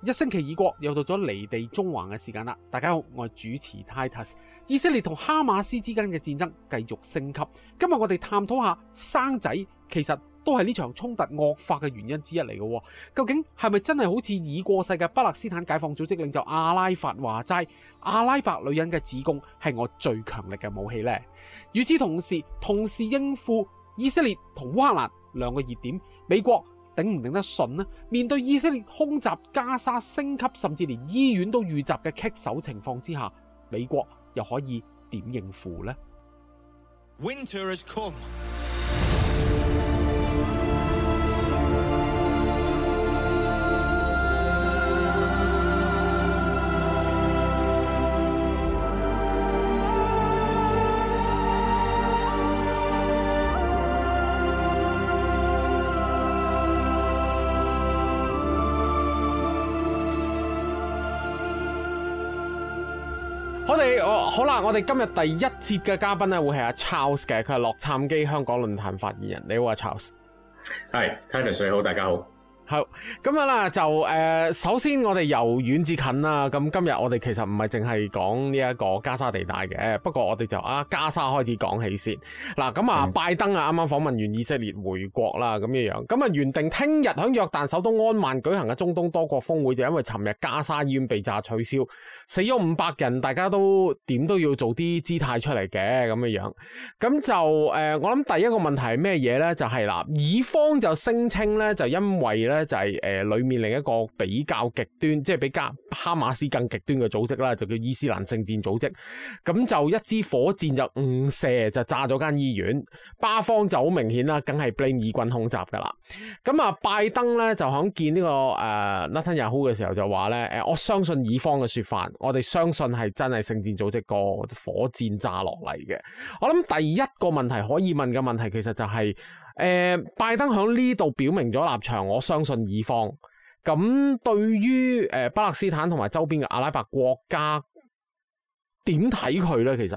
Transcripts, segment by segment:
一星期已過，又到咗離地縱橫嘅時間啦！大家好，我係主持 Titus。以色列同哈馬斯之間嘅戰爭繼續升級。今日我哋探討下生仔，其實都係呢場衝突惡化嘅原因之一嚟嘅。究竟係咪真係好似已過世嘅巴勒斯坦解放組織領袖阿拉法話齋？阿拉伯女人嘅子宮係我最強力嘅武器呢。與此同時，同時應付以色列同烏克蘭兩個熱點，美國。頂唔頂得順呢？面對以色列空襲加沙升級，甚至連醫院都遇襲嘅棘手情況之下，美國又可以點應付呢？好啦，我哋今日第一節嘅嘉賓咧，會係阿 Charles 嘅，佢係洛杉磯香港論壇發言人。你好，阿 Charles。係，Titus，你好，大家好。好咁樣啦，就、嗯、誒，首先我哋由遠至近啦，咁今日我哋其實唔係淨係講呢一個加沙地帶嘅，不過我哋就啊加沙開始講起先。嗱咁啊，嗯、拜登啊，啱啱訪問完以色列回國啦，咁樣樣，咁啊原定聽日響約旦首都安曼舉行嘅中東多國峰會，就因為尋日加沙醫院被炸取消，死咗五百人，大家都點都要做啲姿態出嚟嘅，咁樣樣。咁就誒、嗯，我諗第一個問題係咩嘢呢？就係、是、嗱，以方就聲稱呢，就因為呢。咧就係誒裏面另一個比較極端，即係比加哈馬斯更極端嘅組織啦，就叫伊斯蘭聖戰組織。咁就一支火箭就誤射，就炸咗間醫院。巴方就好明顯啦，梗係 blame 以軍空襲噶啦。咁啊，拜登咧就肯見呢、這個誒內塔尼亞胡嘅時候就話咧誒，我相信以方嘅説法，我哋相信係真係聖戰組織個火箭炸落嚟嘅。我諗第一個問題可以問嘅問題其實就係、是。誒，拜登喺呢度表明咗立場，我相信以方。咁對於誒巴勒斯坦同埋周邊嘅阿拉伯國家，點睇佢呢？其實，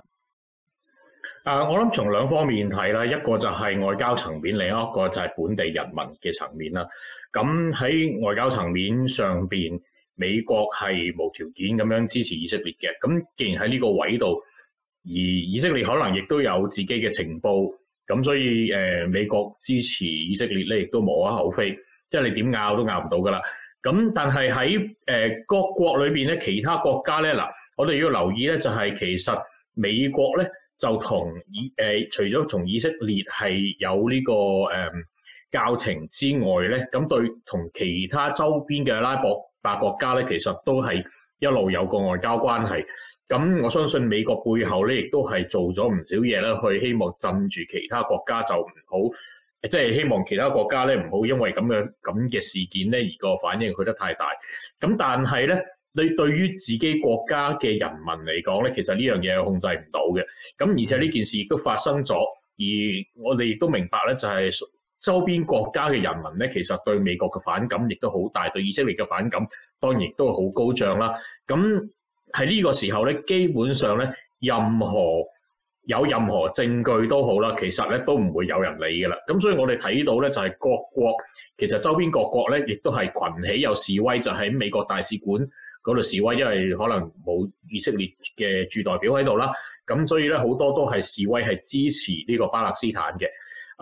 誒，我諗從兩方面睇啦，一個就係外交層面，另一個就係本地人民嘅層面啦。咁喺外交層面上邊，美國係無條件咁樣支持以色列嘅。咁既然喺呢個位度，而以色列可能亦都有自己嘅情報。咁所以誒、呃，美國支持以色列咧，亦都無可厚非，即係你點拗都拗唔到噶啦。咁但係喺誒各國裏邊咧，其他國家咧，嗱，我哋要留意咧，就係、是、其實美國咧就同以誒，除咗同以色列係有呢、這個誒、呃、交情之外咧，咁對同其他周邊嘅阿拉伯國家咧，其實都係。一路有個外交關係，咁我相信美國背後咧，亦都係做咗唔少嘢啦，去希望鎮住其他國家就唔好，即係希望其他國家咧唔好因為咁樣咁嘅事件咧而個反應去得太大。咁但係咧，你對於自己國家嘅人民嚟講咧，其實呢樣嘢係控制唔到嘅。咁而且呢件事亦都發生咗，而我哋亦都明白咧，就係。周邊國家嘅人民咧，其實對美國嘅反感亦都好大，對以色列嘅反感當然亦都好高漲啦。咁喺呢個時候咧，基本上咧，任何有任何證據都好啦，其實咧都唔會有人理嘅啦。咁所以我哋睇到咧，就係各國其實周邊各國咧，亦都係群起有示威，就喺美國大使館嗰度示威，因為可能冇以色列嘅駐代表喺度啦。咁所以咧，好多都係示威係支持呢個巴勒斯坦嘅。誒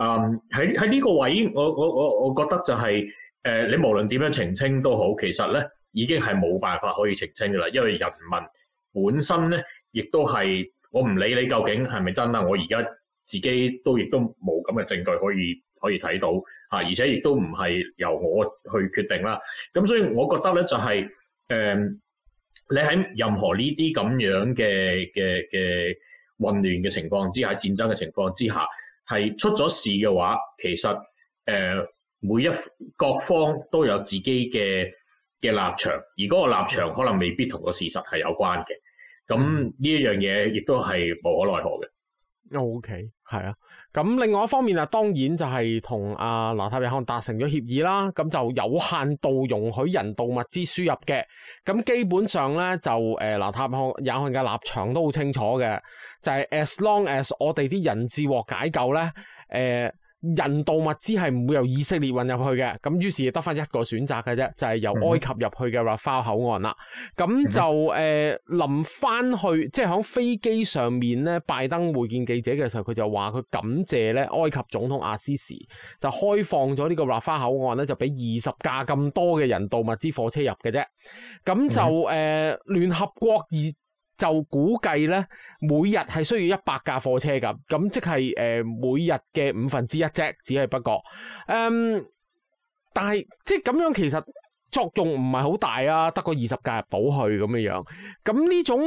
喺喺呢個位，我我我我覺得就係、是、誒、呃、你無論點樣澄清都好，其實咧已經係冇辦法可以澄清噶啦，因為人民本身咧亦都係我唔理你究竟係咪真啦，我而家自己都亦都冇咁嘅證據可以可以睇到嚇、啊，而且亦都唔係由我去決定啦。咁所以我覺得咧就係、是、誒、呃、你喺任何呢啲咁樣嘅嘅嘅混亂嘅情況之下、戰爭嘅情況之下。係出咗事嘅話，其實誒、呃、每一各方都有自己嘅嘅立場，而嗰個立場可能未必同個事實係有關嘅。咁呢一樣嘢亦都係無可奈何嘅。OK，係啊。咁另外一方面啊，當然就係同阿納坦雅胡達成咗協議啦，咁就有限度容許人道物資輸入嘅。咁基本上咧就誒，納、呃、納坦雅胡嘅立場都好清楚嘅，就係、是、as long as 我哋啲人質獲解救咧，誒、呃。人道物資係唔會由以色列運入去嘅，咁於是得翻一個選擇嘅啫，就係、是、由埃及入去嘅拉法口岸啦。咁就誒，臨翻麼、呃、去即係響飛機上面咧，拜登會見記者嘅時候，佢就話佢感謝咧埃及總統阿希斯就開放咗呢個拉法口岸咧，就俾二十架咁多嘅人道物資貨車入嘅啫。咁就誒，聯麼、呃、合國以。就估計咧，每日係需要一百架貨車咁，咁即係誒、呃、每日嘅五分之一啫，只係不過、嗯、但係即係咁樣，其實作用唔係好大啊，得個二十架入到去咁樣樣。咁呢種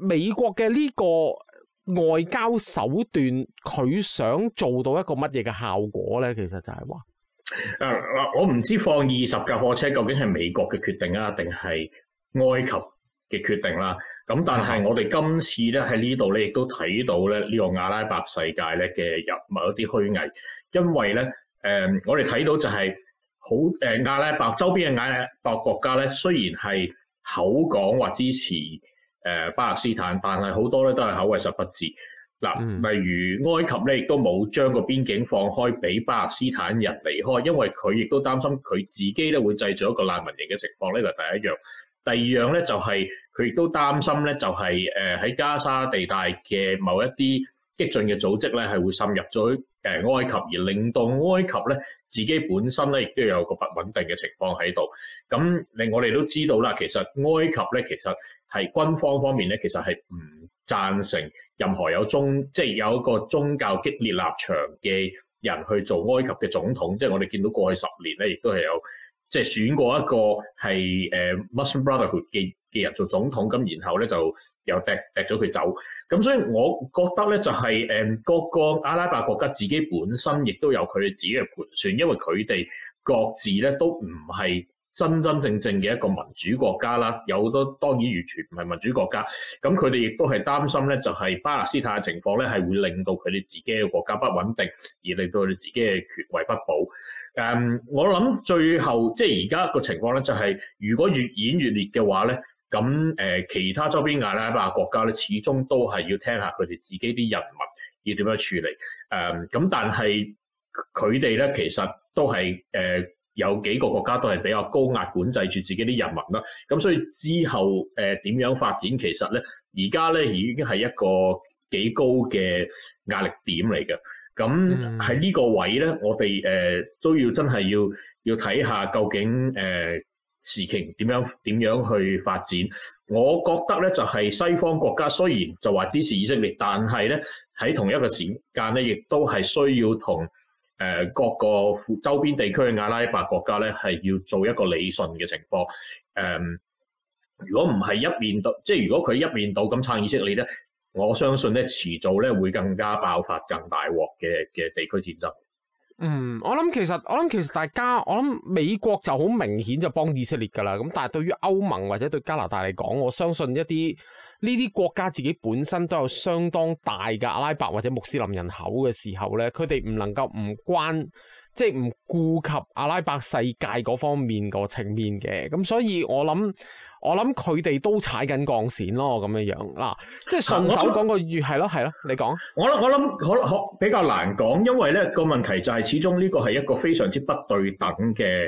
美國嘅呢個外交手段，佢想做到一個乜嘢嘅效果呢？其實就係、是、話、呃呃、我唔知放二十架貨車究竟係美國嘅決定啊，定係埃及嘅決定啦、啊。咁但係我哋今次咧喺呢度咧，亦都睇到咧呢個阿拉伯世界咧嘅入面有一啲虛偽，因為咧誒、呃，我哋睇到就係好誒阿拉伯周邊嘅阿拉伯國家咧，雖然係口講話支持誒巴勒斯坦，但係好多咧都係口惠實不至。嗱。例如埃及咧，亦都冇將個邊境放開俾巴勒斯坦人離開，因為佢亦都擔心佢自己咧會製造一個難民營嘅情況咧，就第一樣。第二樣咧就係、是。佢亦都擔心咧，就係誒喺加沙地帶嘅某一啲激進嘅組織咧，係會滲入咗喺埃及，而令到埃及咧自己本身咧亦都有個不穩定嘅情況喺度。咁令我哋都知道啦，其實埃及咧其實係軍方方面咧，其實係唔贊成任何有宗即係有一個宗教激烈立場嘅人去做埃及嘅總統。即係我哋見到過去十年咧，亦都係有。即係選過一個係誒 Muslim Brotherhood 嘅嘅人做總統，咁然後咧就又踢踢咗佢走，咁所以我覺得咧就係誒各個阿拉伯國家自己本身亦都有佢哋自己嘅盤算，因為佢哋各自咧都唔係真真正正嘅一個民主國家啦，有好多當然完全唔係民主國家，咁佢哋亦都係擔心咧就係巴勒斯坦嘅情況咧係會令到佢哋自己嘅國家不穩定，而令到佢哋自己嘅權位不保。誒，我諗最後即係而家個情況咧、就是，就係如果越演越烈嘅話咧，咁誒其他周邊亞拉伯、亞國家咧，始終都係要聽下佢哋自己啲人民要點樣處理。誒，咁但係佢哋咧，其實都係誒有幾個國家都係比較高壓管制住自己啲人民啦。咁所以之後誒點樣發展，其實咧而家咧已經係一個幾高嘅壓力點嚟嘅。咁喺呢個位咧，我哋誒、呃、都要真係要要睇下究竟誒事情點樣點樣去發展。我覺得咧就係、是、西方國家雖然就話支持以色列，但係咧喺同一個時間咧，亦都係需要同誒、呃、各個周邊地區嘅阿拉伯國家咧係要做一個理順嘅情況。誒、呃，如果唔係一面倒，即係如果佢一面倒咁撐以色列咧。我相信咧，遲早咧會更加爆發更大鑊嘅嘅地區戰爭。嗯，我諗其實我諗其實大家，我諗美國就好明顯就幫以色列㗎喇。咁但係對於歐盟或者對加拿大嚟講，我相信一啲呢啲國家自己本身都有相當大嘅阿拉伯或者穆斯林人口嘅時候咧，佢哋唔能夠唔關，即係唔顧及阿拉伯世界嗰方面個情面嘅。咁所以我諗。我諗佢哋都踩緊鋼線咯，咁樣樣嗱，即係順手講個係咯係咯，你講。我諗我諗可可比較難講，因為咧個問題就係、是、始終呢個係一個非常之不對等嘅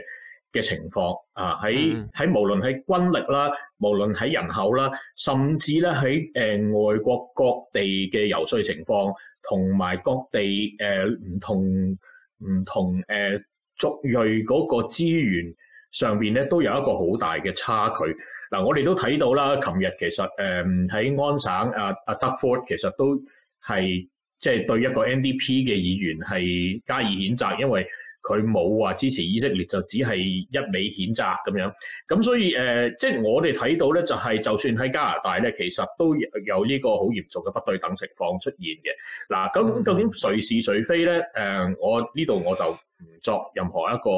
嘅情況啊！喺喺、嗯、無論喺軍力啦，無論喺人口啦，甚至咧喺誒外國各地嘅遊說情況，同埋各地誒唔、呃、同唔同誒族裔嗰個資源上邊咧，都有一個好大嘅差距。嗱、啊，我哋都睇到啦，琴日其實誒喺、嗯、安省啊啊 Doug Ford 其實都係即係對一個 NDP 嘅議員係加以譴責，因為佢冇話支持以色列，就只係一味譴責咁樣。咁所以誒、啊，即係我哋睇到咧，就係、是、就算喺加拿大咧，其實都有呢個好嚴重嘅不對等情況出現嘅。嗱、啊，咁究竟誰是誰非咧？誒、啊，我呢度我就唔作任何一個，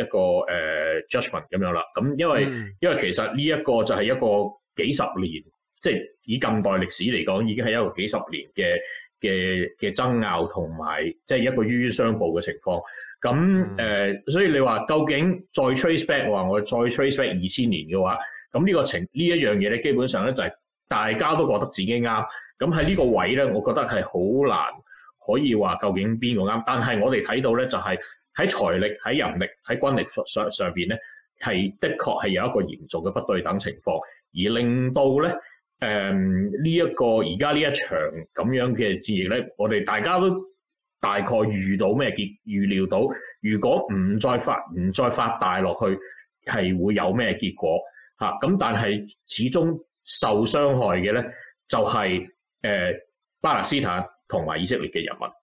一個誒、uh, judgement 咁樣啦，咁因為、嗯、因為其實呢一個就係一個幾十年，即、就、係、是、以近代歷史嚟講，已經係一個幾十年嘅嘅嘅爭拗同埋，即係一個冤冤相報嘅情況。咁誒、嗯呃，所以你話究竟再 trace back 話我，我再 trace back 二千年嘅話，咁呢個情呢一樣嘢咧，基本上咧就係大家都覺得自己啱。咁喺呢個位咧，我覺得係好難可以話究竟邊個啱。但係我哋睇到咧，就係、是。喺財力、喺人力、喺軍力上上邊咧，係的確係有一個嚴重嘅不對等情況，而令到咧，誒呢一個而家呢一場咁樣嘅戰役咧，我哋大家都大概預到咩結，預料到如果唔再發唔再發大落去，係會有咩結果吓？咁但係始終受傷害嘅咧，就係誒巴勒斯坦同埋以色列嘅人民。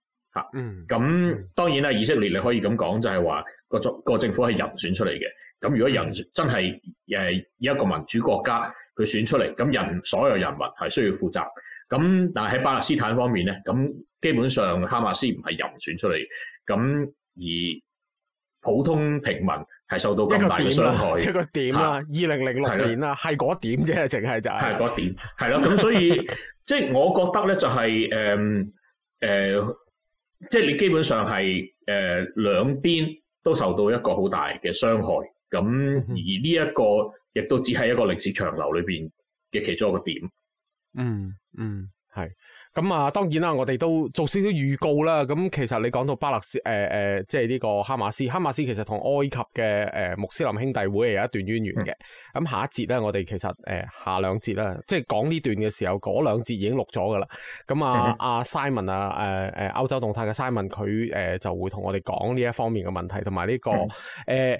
嗯，咁當然啦，以色列你可以咁講，就係、是、話個政個政府係人選出嚟嘅。咁如果人、嗯、真係誒一個民主國家佢選出嚟，咁人所有人民係需要負責。咁但係喺巴勒斯坦方面咧，咁基本上哈馬斯唔係人選出嚟，咁而普通平民係受到咁大嘅傷害。一個點啦，二零零六年啦，係嗰點啫，淨係就係嗰點，係啦。咁所以即係我覺得咧、就是，就係誒誒。呃呃即係你基本上係誒、呃、兩邊都受到一個好大嘅傷害，咁而呢一個亦都只係一個歷史長流裏邊嘅其中一個點。嗯嗯，係、嗯。咁啊，當然啦，我哋都做少少預告啦。咁其實你講到巴勒斯，誒、呃、誒，即係呢個哈馬斯。哈馬斯其實同埃及嘅誒穆斯林兄弟會係有一段淵源嘅。咁、嗯、下一節咧，我哋其實誒、呃、下兩節啦，即係講呢段嘅時候，嗰兩節已經錄咗噶啦。咁、嗯、啊，阿 Simon 啊，誒、呃、誒，歐洲動態嘅 Simon，佢誒、呃、就會同我哋講呢一方面嘅問題，同埋呢個誒。嗯呃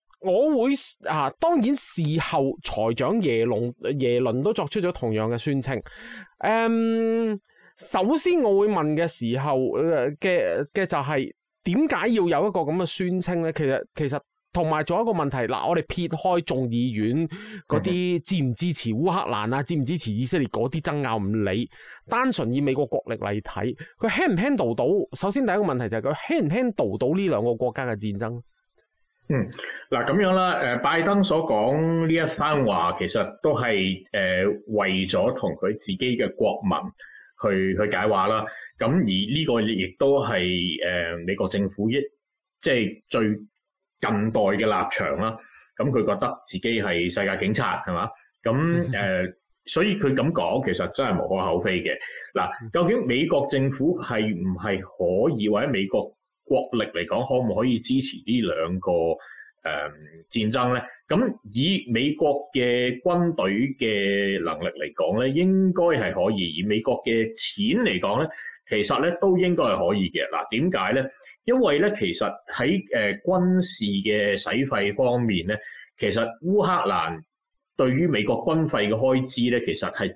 我會啊，當然事後財長耶隆耶倫都作出咗同樣嘅宣稱。誒、嗯，首先我會問嘅時候嘅嘅、呃、就係點解要有一個咁嘅宣稱呢？其實其實同埋仲有一個問題，嗱、啊，我哋撇開眾議院嗰啲支唔支持烏克蘭啊，支唔支持以色列嗰啲爭拗唔理，單純以美國國力嚟睇，佢 handle 唔 handle 到？首先第一個問題就係佢 handle 唔 handle 到呢兩個國家嘅戰爭。嗯，嗱咁樣啦，誒，拜登所講呢一番話，其實都係誒、呃、為咗同佢自己嘅國民去去解話啦。咁而呢個亦都係誒美國政府一即係最近代嘅立場啦。咁佢覺得自己係世界警察係嘛？咁誒，呃、 所以佢咁講其實真係無可厚非嘅。嗱、啊，究竟美國政府係唔係可以或者美國？國力嚟講，可唔可以支持呢兩個誒、呃、戰爭咧？咁以美國嘅軍隊嘅能力嚟講咧，應該係可以；以美國嘅錢嚟講咧，其實咧都應該係可以嘅。嗱、啊，點解咧？因為咧，其實喺誒、呃、軍事嘅使費方面咧，其實烏克蘭對於美國軍費嘅開支咧，其實係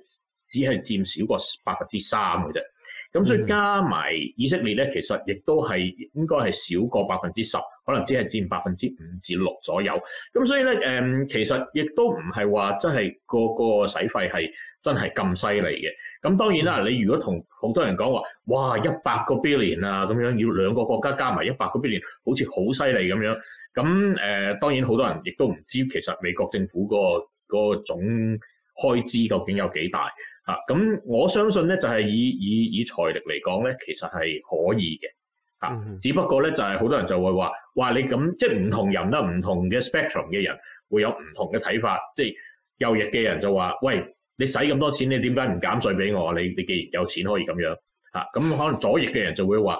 只係佔少過百分之三嘅啫。咁所以加埋以色列咧，其實亦都係應該係少過百分之十，可能只係佔百分之五至六左右。咁所以咧，誒、嗯、其實亦都唔係話真係個個使費係真係咁犀利嘅。咁當然啦，嗯、你如果同好多人講話，哇一百個 billion 啊，咁樣要兩個國家加埋一百個 billion，好似好犀利咁樣。咁誒、呃、當然好多人亦都唔知其實美國政府個嗰個總開支究竟有幾大。啊，咁我相信咧就係、是、以以以財力嚟講咧，其實係可以嘅。吓、啊，嗯、只不過咧就係、是、好多人就會話，哇你咁即係唔同人啦，唔同嘅 spectrum 嘅人會有唔同嘅睇法。即係右翼嘅人就話，喂，你使咁多錢，你點解唔減稅俾我？你你既然有錢可以咁樣，吓、啊，咁可能左翼嘅人就會話，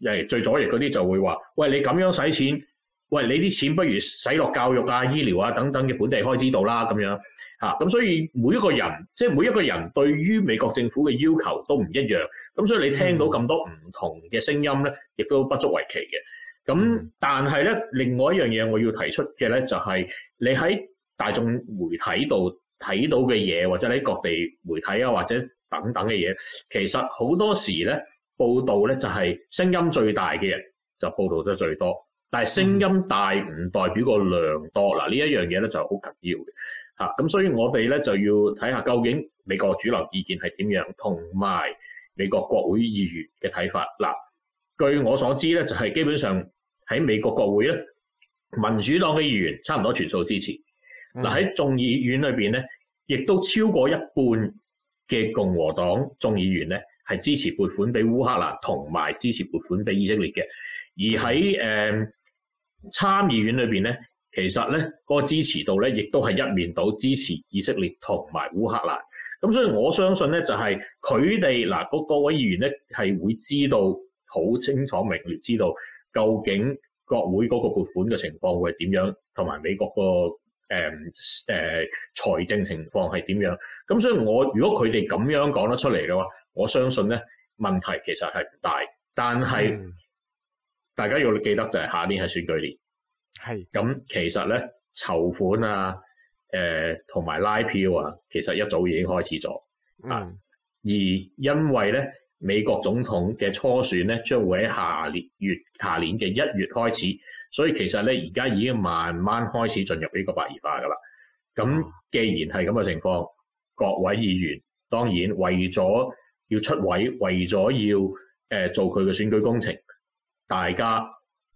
誒、哎，最左翼嗰啲就會話，喂，你咁樣使錢。喂，你啲錢不如使落教育啊、醫療啊等等嘅本地開支度啦，咁樣嚇。咁所以每一個人，即係每一個人對於美國政府嘅要求都唔一樣。咁所以你聽到咁多唔同嘅聲音咧，亦都不足為奇嘅。咁但係咧，另外一樣嘢我要提出嘅咧，就係你喺大眾媒體度睇到嘅嘢，或者喺各地媒體啊，或者等等嘅嘢，其實好多時咧報道咧就係聲音最大嘅人就報道得最多。但係聲音大唔代表個量多。嗱呢一樣嘢咧就好緊要嘅吓，咁所以我哋咧就要睇下究竟美國主流意見係點樣，同埋美國國會議員嘅睇法嗱。據我所知咧就係基本上喺美國國會咧，民主黨嘅議員差唔多全數支持。嗱喺眾議院裏邊咧，亦都超過一半嘅共和黨眾議員咧係支持撥款俾烏克蘭，同埋支持撥款俾以色列嘅，而喺誒。嗯參議院裏邊咧，其實咧嗰個支持度咧，亦都係一面倒支持以色列同埋烏克蘭。咁所以我相信咧，就係佢哋嗱嗰各位議員咧係會知道好清楚明了，知道究竟國會嗰個撥款嘅情況會係點樣，同埋美國個誒誒財政情況係點樣。咁所以我如果佢哋咁樣講得出嚟嘅話，我相信咧問題其實係唔大，但係。嗯大家要記得就係下年係選舉年，係咁是其實咧籌款啊，誒同埋拉票啊，其實一早已經開始咗啊。嗯、而因為咧美國總統嘅初選咧將會喺下年月下年嘅一月開始，所以其實咧而家已經慢慢開始進入呢個白熱化㗎喇。咁既然係咁嘅情況，各位議員當然為咗要出位，為咗要誒做佢嘅選舉工程。大家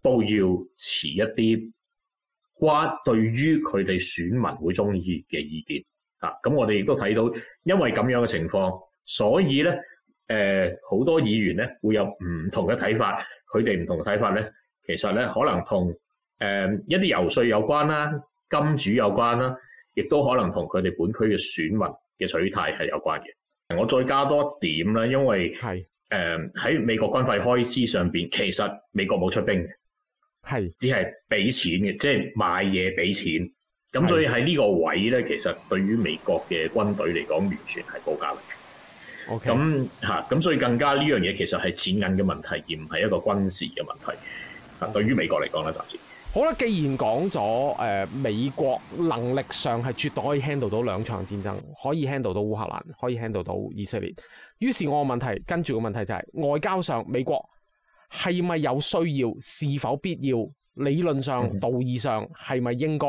都要遲一啲關對於佢哋選民會中意嘅意見啊。咁我哋亦都睇到，因為咁樣嘅情況，所以咧誒好多議員咧會有唔同嘅睇法。佢哋唔同嘅睇法咧，其實咧可能同誒、呃、一啲遊說有關啦、金主有關啦，亦都可能同佢哋本區嘅選民嘅取態係有關嘅。我再加多一點啦，因為係。誒，喺美國軍費開支上邊，其實美國冇出兵嘅，的只係俾錢嘅，即係買嘢俾錢。咁所以喺呢個位咧，的其實對於美國嘅軍隊嚟講，完全係高價位報價嚟嘅。O K，咁嚇，咁所以更加呢樣嘢其實係錢銀嘅問題，而唔係一個軍事嘅問題。啊，Okay. 對於美國嚟講咧，暫時。好啦，既然講咗誒美國能力上係絕對可以 handle 到兩場戰爭，可以 handle 到烏克蘭，可以 handle 到以色列。於是，我個問題跟住個問題就係、是、外交上，美國係咪有需要？是否必要？理論上、道義上係咪應該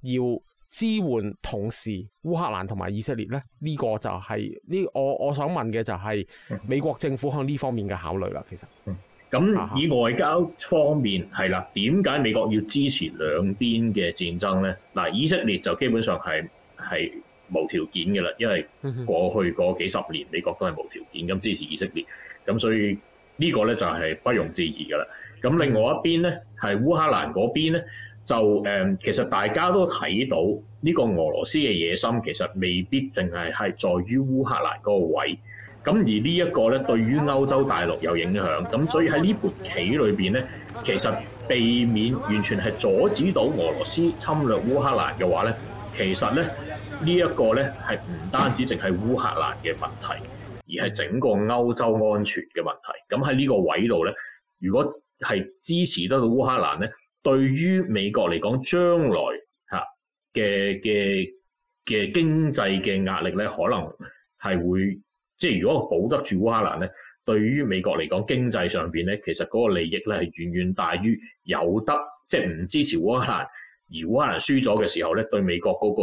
要支援同時烏克蘭同埋以色列呢？呢、呢個就係、是、呢，我我想問嘅就係美國政府向呢方面嘅考慮啦。其實。咁以外交方面係啦，點解美國要支持兩邊嘅戰爭咧？嗱，以色列就基本上係係無條件嘅啦，因為過去嗰幾十年美國都係無條件咁支持以色列，咁所以呢個咧就係不容置疑嘅啦。咁另外一邊咧，係烏克蘭嗰邊咧，就誒、嗯、其實大家都睇到呢個俄羅斯嘅野心其實未必淨係係在於烏克蘭嗰個位。咁而呢一個咧，對於歐洲大陸有影響。咁所以喺呢盤棋裏邊咧，其實避免完全係阻止到俄羅斯侵略烏克蘭嘅話咧，其實咧呢一個咧係唔單止淨係烏克蘭嘅問題，而係整個歐洲安全嘅問題。咁喺呢個位度咧，如果係支持得到烏克蘭咧，對於美國嚟講，將來嘅嘅嘅嘅經濟嘅壓力咧，可能係會。即係如果保得住烏克蘭咧，對於美國嚟講，經濟上邊咧，其實嗰個利益咧係遠遠大於有得即係唔支持烏克蘭，而烏克蘭輸咗嘅時候咧，對美國嗰、嗰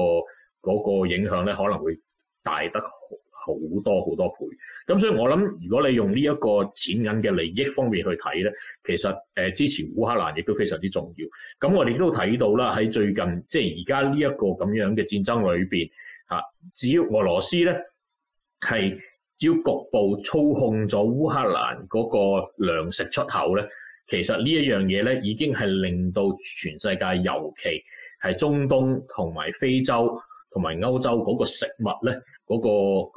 個、嗰個影響咧可能會大得好多好多倍。咁所以我諗，如果你用呢一個錢銀嘅利益方面去睇咧，其實誒支持烏克蘭亦都非常之重要。咁我哋都睇到啦，喺最近即係而家呢一個咁樣嘅戰爭裏邊，吓只要俄羅斯咧係。要局部操控咗烏克蘭嗰個糧食出口咧，其實呢一樣嘢咧已經係令到全世界，尤其係中東同埋非洲同埋歐洲嗰個食物咧，嗰個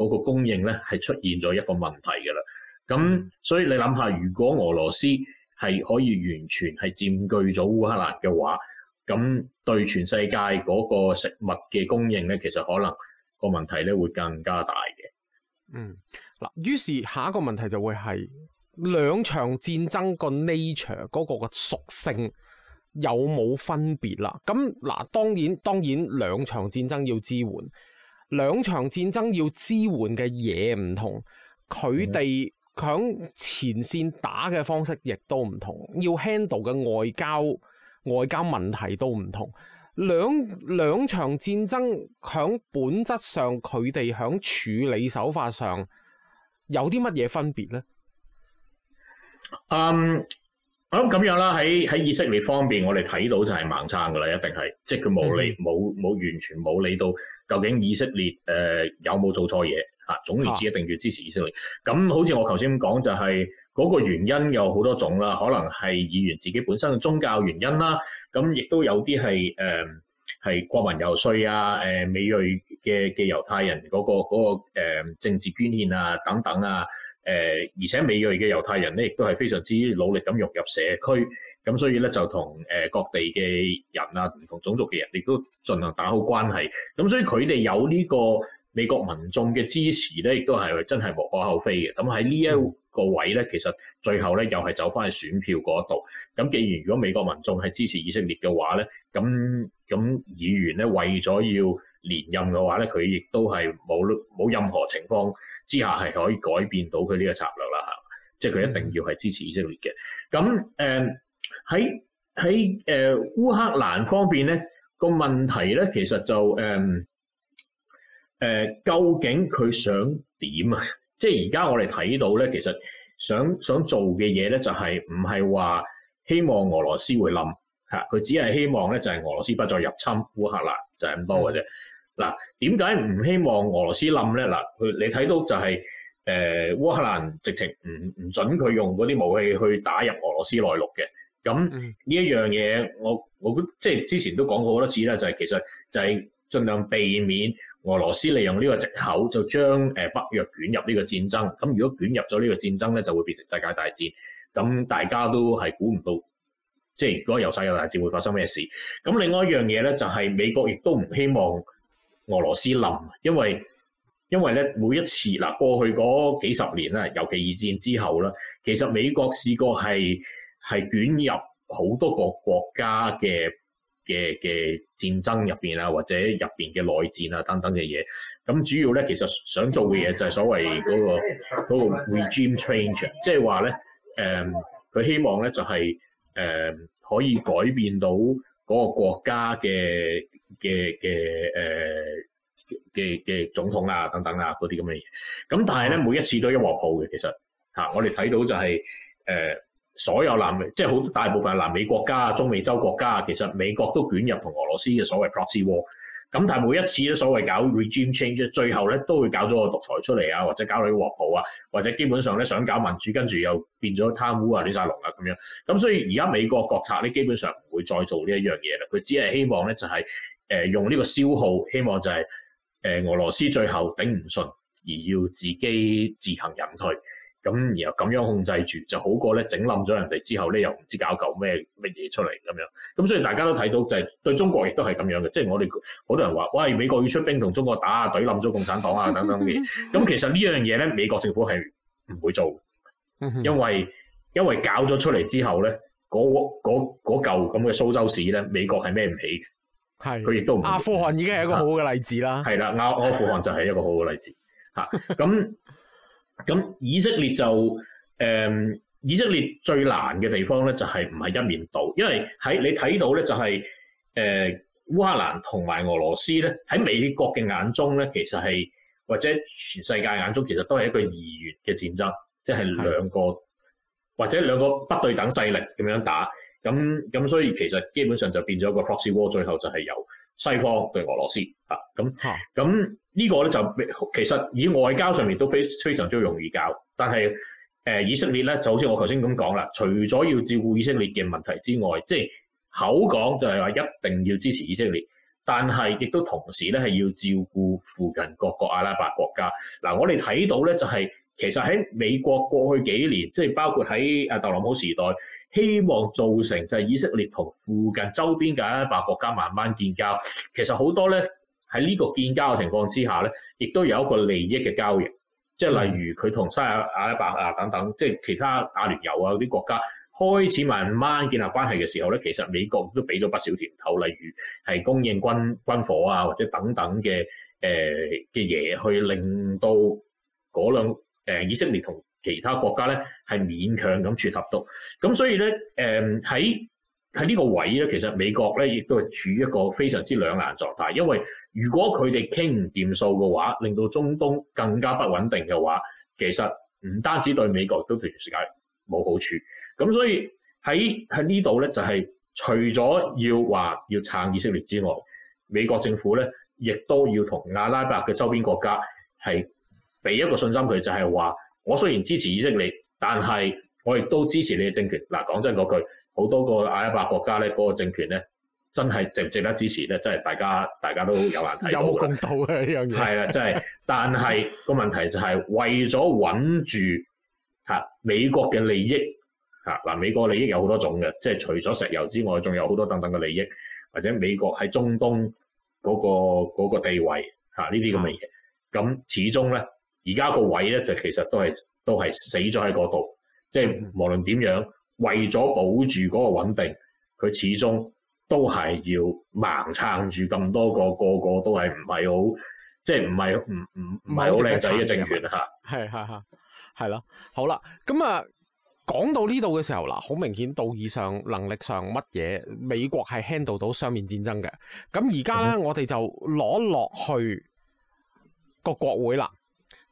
嗰個供應咧係出現咗一個問題嘅啦。咁所以你諗下，如果俄羅斯係可以完全係佔據咗烏克蘭嘅話，咁對全世界嗰個食物嘅供應咧，其實可能個問題咧會更加大嘅。嗯，嗱，於是下一個問題就會係兩場戰爭個 nature 嗰個嘅屬性有冇分別啦？咁嗱，當然當然，兩場戰爭要支援，兩場戰爭要支援嘅嘢唔同，佢哋響前綫打嘅方式亦都唔同，要 handle 嘅外交外交問題都唔同。兩兩場戰爭喺本質上，佢哋喺處理手法上有啲乜嘢分別呢？嗯、um。我咁、嗯、樣啦，喺喺以色列方面，我哋睇到就係盲撐噶啦，一定係，即係佢冇理冇冇、嗯、完全冇理到究竟以色列誒、呃、有冇做錯嘢吓，總言之一定要支持以色列。咁、啊、好似我頭先講就係、是、嗰個原因有好多種啦，可能係議員自己本身嘅宗教原因啦，咁、嗯、亦都有啲係誒係國民遊說啊，誒、呃、美裔嘅嘅猶太人嗰、那個、那個誒、呃、政治捐獻啊等等啊。誒，而且美裔嘅猶太人咧，亦都係非常之努力咁融入社區，咁所以咧就同誒各地嘅人啊，唔同種族嘅人，亦都盡量打好關係，咁所以佢哋有呢個美國民眾嘅支持咧，亦都係真係無可厚非嘅。咁喺呢一個位咧，其實最後咧又係走翻去選票嗰度。咁既然如果美國民眾係支持以色列嘅話咧，咁咁議員咧為咗要。連任嘅話咧，佢亦都係冇冇任何情況之下係可以改變到佢呢個策略啦。嚇，即係佢一定要係支持以色列嘅。咁誒喺喺誒烏克蘭方面咧，個問題咧，其實就誒誒、嗯呃、究竟佢想點啊？ 即係而家我哋睇到咧，其實想想做嘅嘢咧，就係唔係話希望俄羅斯會冧嚇佢，只係希望咧就係、是、俄羅斯不再入侵烏克蘭就，就係咁多嘅啫。嗱，點解唔希望俄羅斯冧咧？嗱，佢你睇到就係誒烏克蘭直情唔唔準佢用嗰啲武器去打入俄羅斯內陸嘅。咁呢一樣嘢，我我即係之前都講過好多次啦，就係其實就係盡量避免俄羅斯利用呢個藉口就將誒北約捲入呢個戰爭。咁如果捲入咗呢個戰爭咧，就會變成世界大戰。咁大家都係估唔到，即係如果由細由大戰會發生咩事。咁另外一樣嘢咧，就係美國亦都唔希望俄羅斯冧，因為因為咧，每一次嗱，過去嗰幾十年啦，尤其二戰之後啦，其實美國試過係係捲入好多個國家嘅嘅嘅戰爭入邊啊，或者入邊嘅內戰啊等等嘅嘢。咁主要咧，其實想做嘅嘢就係所謂嗰個嗰個 regime change，即係話咧誒，佢希望咧就係誒可以改變到嗰個國家嘅嘅嘅誒嘅嘅總統啊，等等啊嗰啲咁嘅嘢，咁但係咧、嗯、每一次都一鑊泡嘅，其實嚇我哋睇到就係、是、誒、呃、所有南美，即係好大部分南美國家啊、中美洲國家啊，其實美國都捲入同俄羅斯嘅所謂 proxy war，咁但係每一次咧所謂搞 regime change，最後咧都會搞咗個獨裁出嚟啊，或者搞到一鑊泡啊，或者基本上咧想搞民主，跟住又變咗貪污啊、亂晒龍啊咁樣，咁所以而家美國國策咧基本上唔會再做呢一樣嘢啦，佢只係希望咧就係、是。誒，用呢個消耗，希望就係、是、誒、呃、俄羅斯最後頂唔順，而要自己自行引退，咁然後咁樣控制住就好過咧整冧咗人哋之後咧，又唔知搞嚿咩乜嘢出嚟咁樣。咁所以大家都睇到就係對中國亦都係咁樣嘅，即係我哋好多人話，喂、哎、美國要出兵同中國打，懟冧咗共產黨啊等等嘅。咁其實樣呢樣嘢咧，美國政府係唔會做，因為因為搞咗出嚟之後咧，嗰嚿咁嘅蘇州屎咧，美國係孭唔起。係，佢亦都阿富汗已經係一個好好嘅例子啦。係啦，阿阿富汗就係一個好好嘅例子。吓咁咁以色列就誒、嗯，以色列最難嘅地方咧，就係唔係一面倒，因為喺你睇到咧、就是，就係誒烏克蘭同埋俄羅斯咧，喺美國嘅眼中咧，其實係或者全世界眼中，其實都係一個二元嘅戰爭，即、就、係、是、兩個的或者兩個不對等勢力咁樣打。咁咁所以其實基本上就變咗個 proxy war，最後就係由西方對俄羅斯嚇，咁咁呢個咧就其實以外交上面都非非常之容易搞。但係誒以色列咧就好似我頭先咁講啦，除咗要照顧以色列嘅問題之外，即係口講就係話一定要支持以色列，但係亦都同時咧係要照顧附近各個阿拉伯國家嗱，我哋睇到咧就係、是、其實喺美國過去幾年，即係包括喺阿特朗普時代。希望造成就係以色列同附近周邊嘅阿拉伯國家慢慢建交。其實好多咧喺呢個建交嘅情況之下咧，亦都有一個利益嘅交易。即係例如佢同沙啊阿拉伯啊等等，即係其他阿聯酋啊嗰啲國家開始慢慢建立關係嘅時候咧，其實美國都俾咗不少甜頭，例如係供應軍軍火啊或者等等嘅誒嘅嘢去令到嗰兩誒以色列同。其他國家咧係勉強咁撮合到咁，所以咧誒喺喺呢、嗯、個位咧，其實美國咧亦都係處於一個非常之兩難狀態。因為如果佢哋傾唔掂數嘅話，令到中東更加不穩定嘅話，其實唔單止對美國都全世界冇好處。咁所以喺喺呢度咧，就係、是、除咗要話要撐以色列之外，美國政府咧亦都要同阿拉伯嘅周邊國家係俾一個信心佢，就係話。我雖然支持以色列，但係我亦都支持你嘅政權。嗱，講真嗰句，好多個阿拉伯國家咧，嗰個政權咧，真係值唔值得支持咧？真係大家，大家都有眼睇。有冇公道嘅呢樣嘢？係啊的，真係。但係個問題就係為咗穩住嚇美國嘅利益嚇嗱，美國利益有好多種嘅，即係除咗石油之外，仲有好多等等嘅利益，或者美國喺中東嗰個嗰個地位嚇呢啲咁嘅嘢。咁始終咧。而家個位咧，就其實都係都係死咗喺嗰度，即係無論點樣，為咗保住嗰個穩定，佢始終都係要盲撐住咁多個個個都係唔係好，即係唔係唔唔唔係好靚仔嘅政權嚇，係係係，係啦，好啦，咁啊講到呢度嘅時候啦，好明顯道義上、能力上乜嘢，美國係 handle 到雙面戰爭嘅，咁而家咧，嗯、我哋就攞落去個國會啦。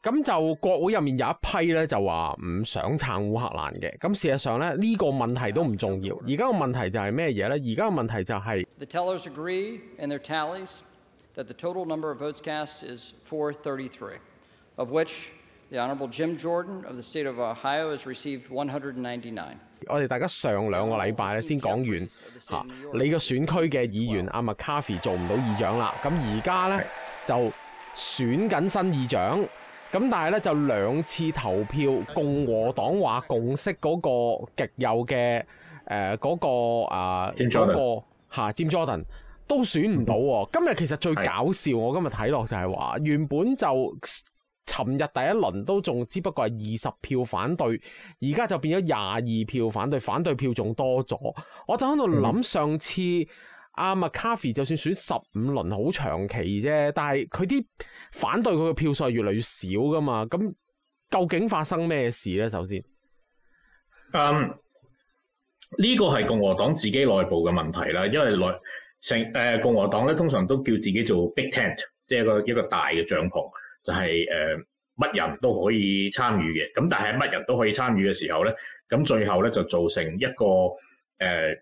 咁就國會入面有一批咧，就話唔想撐烏克蘭嘅。咁事實上咧，呢、這個問題都唔重要。而家個問題就係咩嘢咧？而家個問題就係、是、The tellers agree in their tallies that the total number of votes cast is 433, of which the Honorable Jim Jordan of the State of Ohio has received 199. 我哋大家上兩個禮拜咧先講完嚇、啊，你個選區嘅議員阿麥卡菲做唔到議長啦。咁而家咧就選緊新議長。咁但係咧就兩次投票，共和黨話共識嗰個極右嘅誒嗰個、呃 Jim Jordan 嗰個、啊 Jim Jordan 都選唔到喎。嗯、今日其實最搞笑，的我今日睇落就係話，原本就尋日第一輪都仲只不過係二十票反對，而家就變咗廿二票反對，反對票仲多咗。我就喺度諗上次。嗯阿麥卡菲就算選十五輪好長期啫，但係佢啲反對佢嘅票數越嚟越少㗎嘛？咁究竟發生咩事咧？首先，嗯，呢個係共和黨自己內部嘅問題啦，因為內成誒共和黨咧通常都叫自己做 big tent，即係一個一個大嘅帳篷，就係誒乜人都可以參與嘅。咁但係乜人都可以參與嘅時候咧，咁最後咧就造成一個誒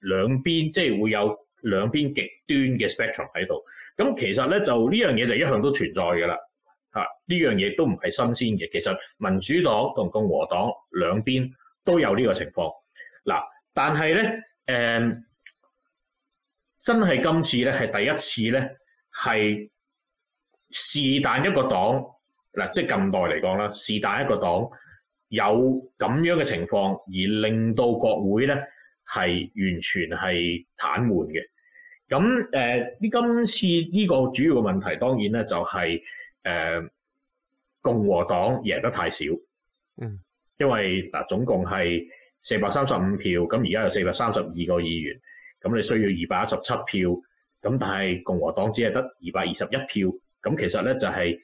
兩邊即係會有。兩邊極端嘅 spectrum 喺度，咁其實咧就呢樣嘢就一向都存在㗎啦。嚇，呢樣嘢都唔係新鮮嘅。其實民主黨同共和黨兩邊都有呢個情況嗱，但係咧誒，真係今次咧係第一次咧係是但一個黨嗱，即係近代嚟講啦，是但一個黨有咁樣嘅情況，而令到國會咧係完全係癱瘓嘅。咁誒，呢、呃、今次呢個主要嘅問題，當然咧就係、是、誒、呃、共和黨贏得太少，嗯、因為嗱、呃、總共係四百三十五票，咁而家有四百三十二個議員，咁你需要二百一十七票，咁但係共和黨只係得二百二十一票，咁其實咧就係、是、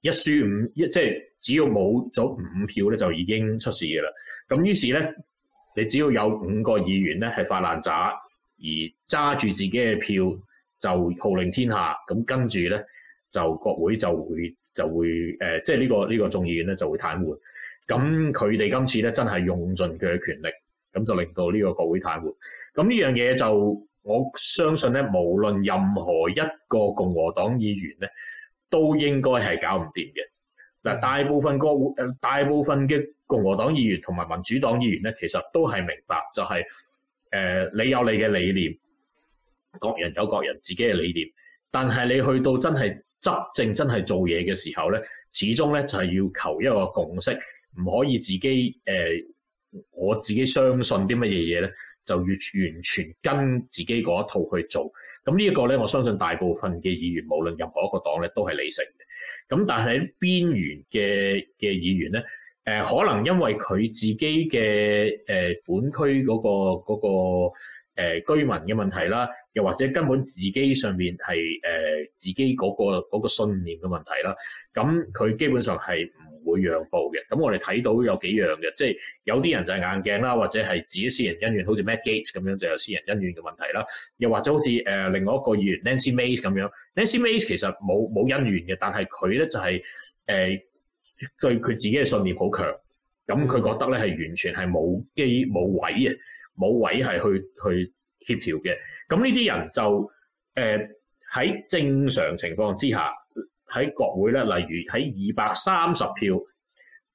一輸五一，即、就、係、是、只要冇咗五票咧，就已經出事㗎喇。咁於是咧，你只要有五個議員咧係發爛渣。而揸住自己嘅票就號令天下，咁跟住咧就國會就會就會誒，即係呢個呢個眾議院咧就會癱瘓。咁佢哋今次咧真係用盡佢嘅權力，咁就令到呢個國會癱瘓。咁呢樣嘢就我相信咧，無論任何一個共和黨議員咧，都應該係搞唔掂嘅，嗱。大部分國會誒，大部分嘅共和黨議員同埋民主黨議員咧，其實都係明白就係。誒，你有你嘅理念，各人有各人自己嘅理念，但係你去到真係執政、真係做嘢嘅時候咧，始終咧就係要求一個共識，唔可以自己誒、呃、我自己相信啲乜嘢嘢咧，就要完全跟自己嗰一套去做。咁、嗯這個、呢一個咧，我相信大部分嘅議員無論任何一個黨咧，都係理性嘅。咁、嗯、但係喺邊緣嘅嘅議員咧。誒可能因為佢自己嘅誒、呃、本區嗰、那個嗰、那個呃、居民嘅問題啦，又或者根本自己上面係誒、呃、自己嗰、那個那個信念嘅問題啦，咁佢基本上係唔會讓步嘅。咁我哋睇到有幾樣嘅，即係有啲人就係硬頸啦，或者係自己私人恩怨，好似 Matt Gaetz 咁樣就有私人恩怨嘅問題啦，又或者好似誒、呃、另外一個議員 Nancy Mace 咁樣，Nancy Mace 其實冇冇恩怨嘅，但係佢咧就係、是、誒。呃對佢自己嘅信念好強，咁佢覺得咧係完全係冇機冇位啊，冇位係去去協調嘅。咁呢啲人就誒喺、呃、正常情況之下喺國會咧，例如喺二百三十票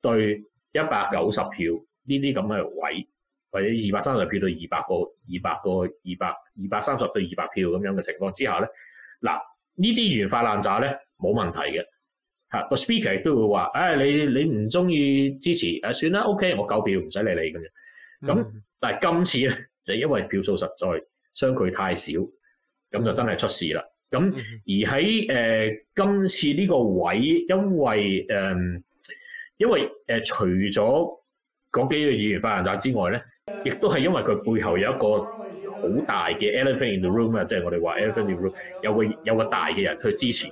對一百九十票呢啲咁嘅位，或者二百三十票對 200, 對二百個二百個二百二百三十對二百票咁樣嘅情況之下咧，嗱呢啲亂發爛渣咧冇問題嘅。嚇個 speaker 都會話，唉、哎，你你唔中意支持，誒、啊、算啦，OK，我夠票唔使理你咁樣。咁、mm hmm. 但係今次咧，就因為票數實在相距太少，咁就真係出事啦。咁而喺誒、呃、今次呢個位，因為誒、呃、因為誒、呃、除咗嗰幾個議員發言者之外咧，亦都係因為佢背後有一個好大嘅 elephant in the room 啊，即係我哋話 elephant in the room 有個有個大嘅人去支持。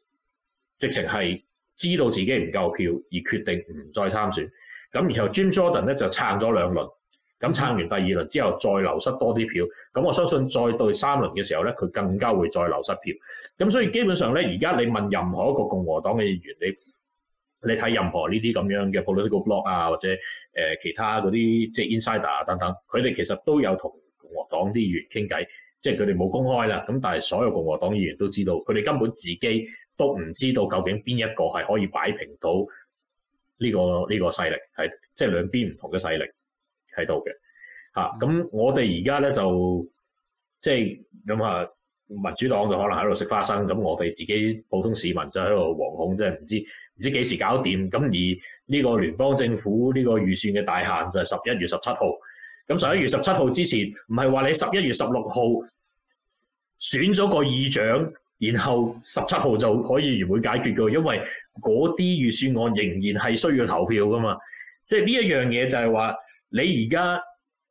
直情係知道自己唔夠票而決定唔再參選，咁然後 Jim Jordan 咧就撐咗兩輪，咁撐完第二輪之後再流失多啲票，咁我相信再到三輪嘅時候咧，佢更加會再流失票，咁所以基本上咧，而家你問任何一個共和黨嘅議員，你你睇任何呢啲咁樣嘅 political blog 啊，或者誒其他嗰啲即係 insider 啊等等，佢哋其實都有同共和黨啲議員傾偈，即係佢哋冇公開啦，咁但係所有共和黨議員都知道，佢哋根本自己。都唔知道究竟邊一個係可以擺平到呢個呢個勢力，係即係兩邊唔同嘅勢力喺度嘅。嚇，咁我哋而家咧就即係咁啊，民主黨就可能喺度食花生，咁我哋自己普通市民就喺度惶恐，真係唔知唔知幾時搞掂。咁而呢個聯邦政府呢個預算嘅大限就係十一月十七號。咁十一月十七號之前，唔係話你十一月十六號選咗個議長。然後十七號就可以完會解決㗎，因為嗰啲預算案仍然係需要投票噶嘛。即係呢一樣嘢就係話，你而家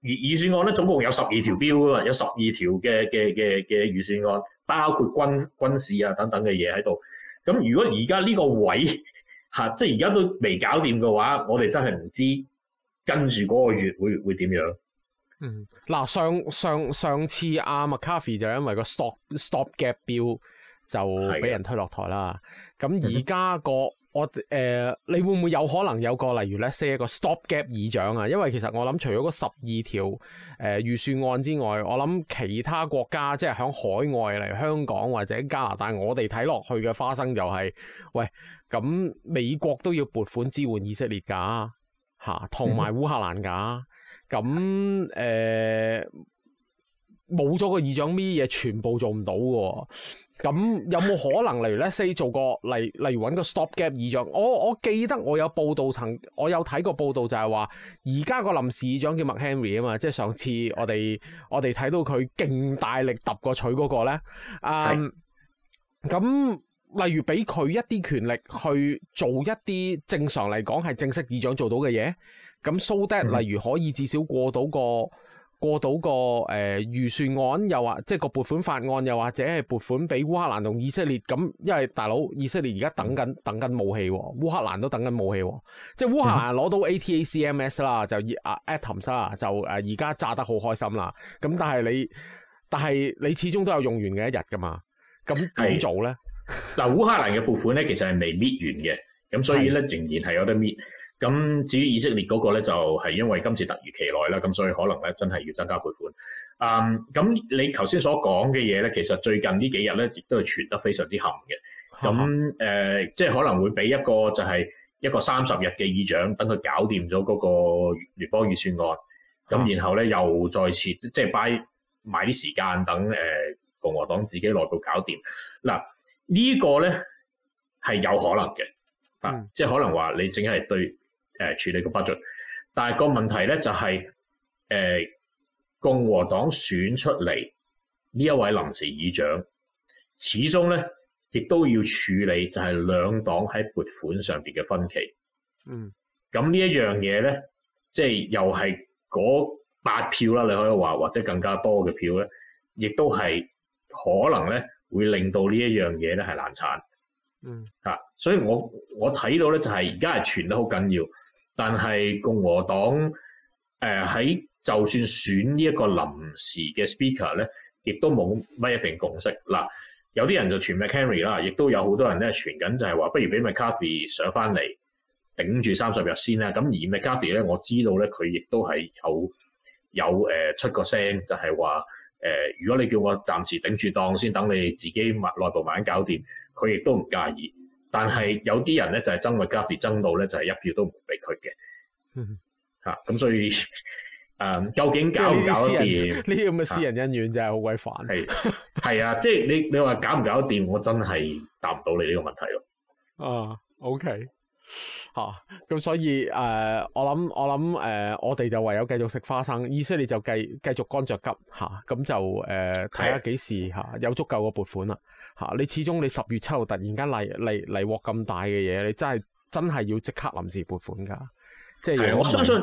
預預算案咧總共有十二條標噶嘛，有十二條嘅嘅嘅嘅預算案，包括軍軍事啊等等嘅嘢喺度。咁如果而家呢個位嚇，即係而家都未搞掂嘅話，我哋真係唔知跟住嗰個月會會點樣。嗯，嗱上上上次阿 McCarthy 就因為個 stop stop gap 標。就俾人推落台啦。咁而家個我誒、呃，你會唔會有可能有個例如咧 let's say, 一個 stop gap 議長啊？因為其實我諗，除咗嗰十二條誒預算案之外，我諗其他國家即係喺海外例如香港或者加拿大，我哋睇落去嘅花生就係、是、喂，咁美國都要撥款支援以色列㗎，嚇、啊，同埋烏克蘭㗎。咁誒。 呃冇咗個議長，咩嘢全部做唔到嘅喎？咁有冇可能，例如呢，say 做個，例例如揾個 stop gap 議長？我我記得我有報道曾，曾我有睇過報道就，就係話而家個臨時議長叫 McHenry 啊嘛，即係上次我哋我哋睇到佢勁大力揼個鎚嗰個咧。啊，咁例如俾佢一啲權力去做一啲正常嚟講係正式議長做到嘅嘢，咁 so that 例如可以至少過到個。過到個誒預、呃、算案又或，又話即係個撥款法案，又或者係撥款俾烏克蘭同以色列咁，因為大佬以色列而家等緊等緊武器喎，烏克蘭都等緊武器喎，即係烏克蘭攞到 ATACMS 啦，就 Atom 啦，就誒而家炸得好開心啦，咁但係你但係你始終都有用完嘅一日㗎嘛，咁點做咧？嗱、嗯，但烏克蘭嘅撥款咧其實係未搣完嘅，咁所以咧仍的然係有得搣。咁至於以色列嗰個咧，就係、是、因為今次突如其來啦，咁所以可能咧真係要增加撥款。嗯，咁你頭先所講嘅嘢咧，其實最近幾呢幾日咧，亦都係傳得非常之含嘅。咁誒，即係、嗯呃就是、可能會俾一個就係一個三十日嘅議長，等佢搞掂咗嗰個聯邦預算案。咁、嗯、然後咧、嗯、又再次即係擺買啲時間，等誒共和黨自己內部搞掂。嗱，這個、呢個咧係有可能嘅。啊，嗯、即係可能話你整係對。誒處理嘅不準，但係個問題咧就係，呃，共和黨選出嚟呢一位臨時議長，始終咧亦都要處理就係兩黨喺撥款上邊嘅分歧。嗯，咁呢一樣嘢咧，即係又係嗰八票啦，你可以話或者更加多嘅票咧，亦都係可能咧會令到呢一樣嘢咧係難產。嗯，啊，所以我我睇到咧就係而家係傳得好緊要。但係共和黨誒喺就算選呢一個臨時嘅 speaker 咧，亦都冇乜一定共識嗱。有啲人就傳 McHenry 啦，亦都有好多人咧傳緊就係話，不如俾麥卡錫上翻嚟頂住三十日先啦。」咁而、Mc、c 麥卡錫咧，我知道咧佢亦都係有有誒、呃、出個聲就，就係話誒，如果你叫我暫時頂住檔先，等你自己物內部版搞掂，佢亦都唔介意。但係有啲人咧就係、是、爭麥加菲爭到咧就係、是、一票都唔俾佢嘅，嚇咁、嗯啊、所以誒、嗯、究竟搞唔搞得掂？呢啲咁嘅私人恩怨真係好鬼煩。係係啊， 即係你你話搞唔搞得掂？我真係答唔到你呢個問題咯、啊 okay。啊，OK 嚇咁所以誒、呃，我諗我諗誒，我哋、呃、就唯有繼續食花生，以色列就繼繼續乾着急嚇，咁、啊、就誒睇下幾時嚇、啊、有足夠嘅撥款啦。嚇！你始終你十月七號突然間嚟嚟嚟獲咁大嘅嘢，你真係真係要即刻臨時撥款㗎，即係我相信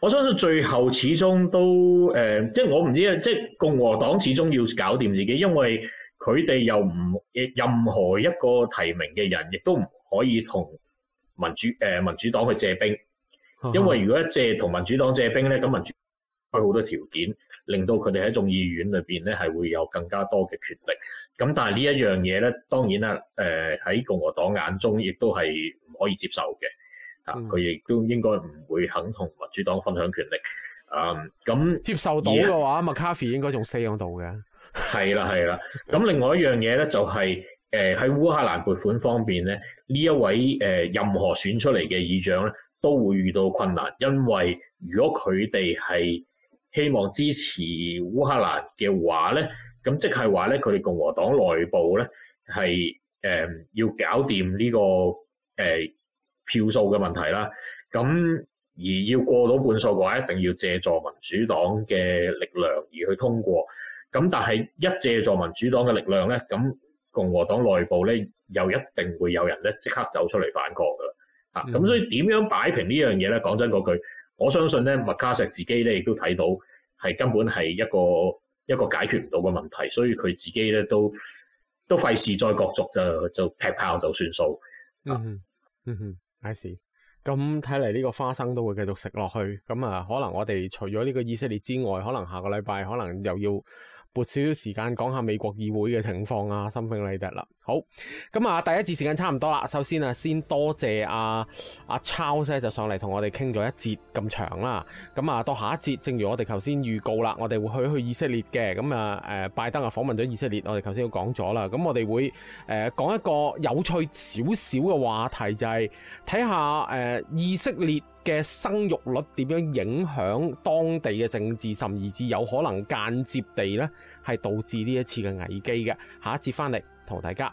我相信最後始終都誒、呃，即係我唔知，即係共和黨始終要搞掂自己，因為佢哋又唔任何一個提名嘅人，亦都唔可以同民主誒、呃、民主黨去借兵，因為如果借同民主黨借兵咧，咁民主佢好多條件。令到佢哋喺眾議院裏邊咧，係會有更加多嘅權力。咁但係呢一樣嘢咧，當然啦，誒、呃、喺共和黨眼中，亦都係唔可以接受嘅。啊，佢亦、嗯、都應該唔會肯同民主黨分享權力。啊，咁、嗯、接受到嘅話，在麥卡菲應該仲死響度嘅。係 啦，係啦。咁另外一樣嘢咧，就係誒喺烏克蘭撥款方面咧，呢一位誒、呃、任何選出嚟嘅議長咧，都會遇到困難，因為如果佢哋係希望支持烏克蘭嘅話咧，咁即係話咧，佢哋共和黨內部咧係誒要搞掂呢個誒票數嘅問題啦。咁而要過到半數嘅話，一定要借助民主黨嘅力量而去通過。咁但係一借助民主黨嘅力量咧，咁共和黨內部咧又一定會有人咧即刻走出嚟反抗㗎喇。嚇、嗯！咁所以點樣擺平呢樣嘢咧？講真嗰句。我相信咧，麥卡錫自己咧亦都睇到係根本係一個一個解決唔到嘅問題，所以佢自己咧都都費事再角逐就就，就劈炮就算數。嗯嗯，I 是咁睇嚟呢個花生都會繼續食落去。咁啊，可能我哋除咗呢個以色列之外，可能下個禮拜可能又要撥少少時間講下美國議會嘅情況啊，深分 leader 啦。好，咁啊，第一節時間差唔多啦。首先，先謝謝啊，先多謝阿阿 Charles 就上嚟同我哋傾咗一節咁長啦。咁啊，到下一節，正如我哋頭先預告啦，我哋會去去以色列嘅。咁啊，誒，拜登啊訪問咗以色列，我哋頭先都講咗啦。咁我哋會誒講一個有趣少少嘅話題，就是，就係睇下誒以色列嘅生育率點樣影響當地嘅政治，甚至有可能間接地咧係導致呢一次嘅危機嘅。下一節翻嚟同大家。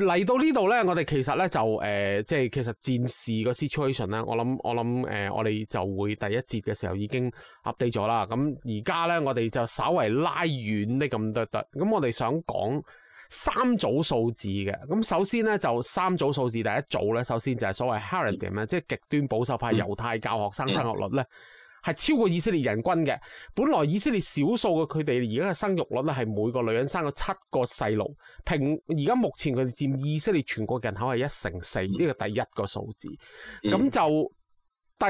嚟到呢度呢，我哋其實呢，就、呃、誒，即係其實戰事個 situation 咧，我諗我諗誒，我哋、呃、就會第一節嘅時候已經 update 咗啦。咁而家呢，我哋就稍為拉遠啲咁多得。咁我哋想講三組數字嘅。咁首先呢，就三組數字，第一組呢，首先就係所謂哈拉迪姆咧，即係極端保守派猶太教學生生育率呢。係超過以色列人均嘅。本來以色列少數嘅佢哋而家嘅生育率咧，係每個女人生咗七個細路。平而家目前佢哋佔以色列全國人口係一成四，呢個第一個數字。咁就。嗯第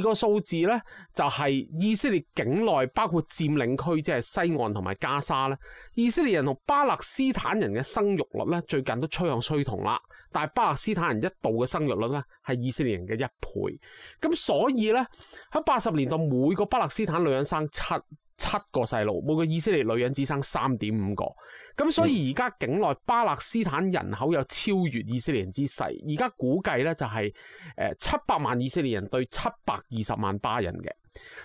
二個數字呢，就係、是、以色列境內包括佔領區，即係西岸同埋加沙咧。以色列人同巴勒斯坦人嘅生育率呢，最近都趨向趨同啦。但係巴勒斯坦人一度嘅生育率呢，係以色列人嘅一倍。咁所以呢，喺八十年代每個巴勒斯坦女人生七七個細路，每個以色列女人只生三點五個，咁所以而家境內巴勒斯坦人口有超越以色列人之勢，而家估計咧就係誒七百萬以色列人對七百二十萬巴人嘅。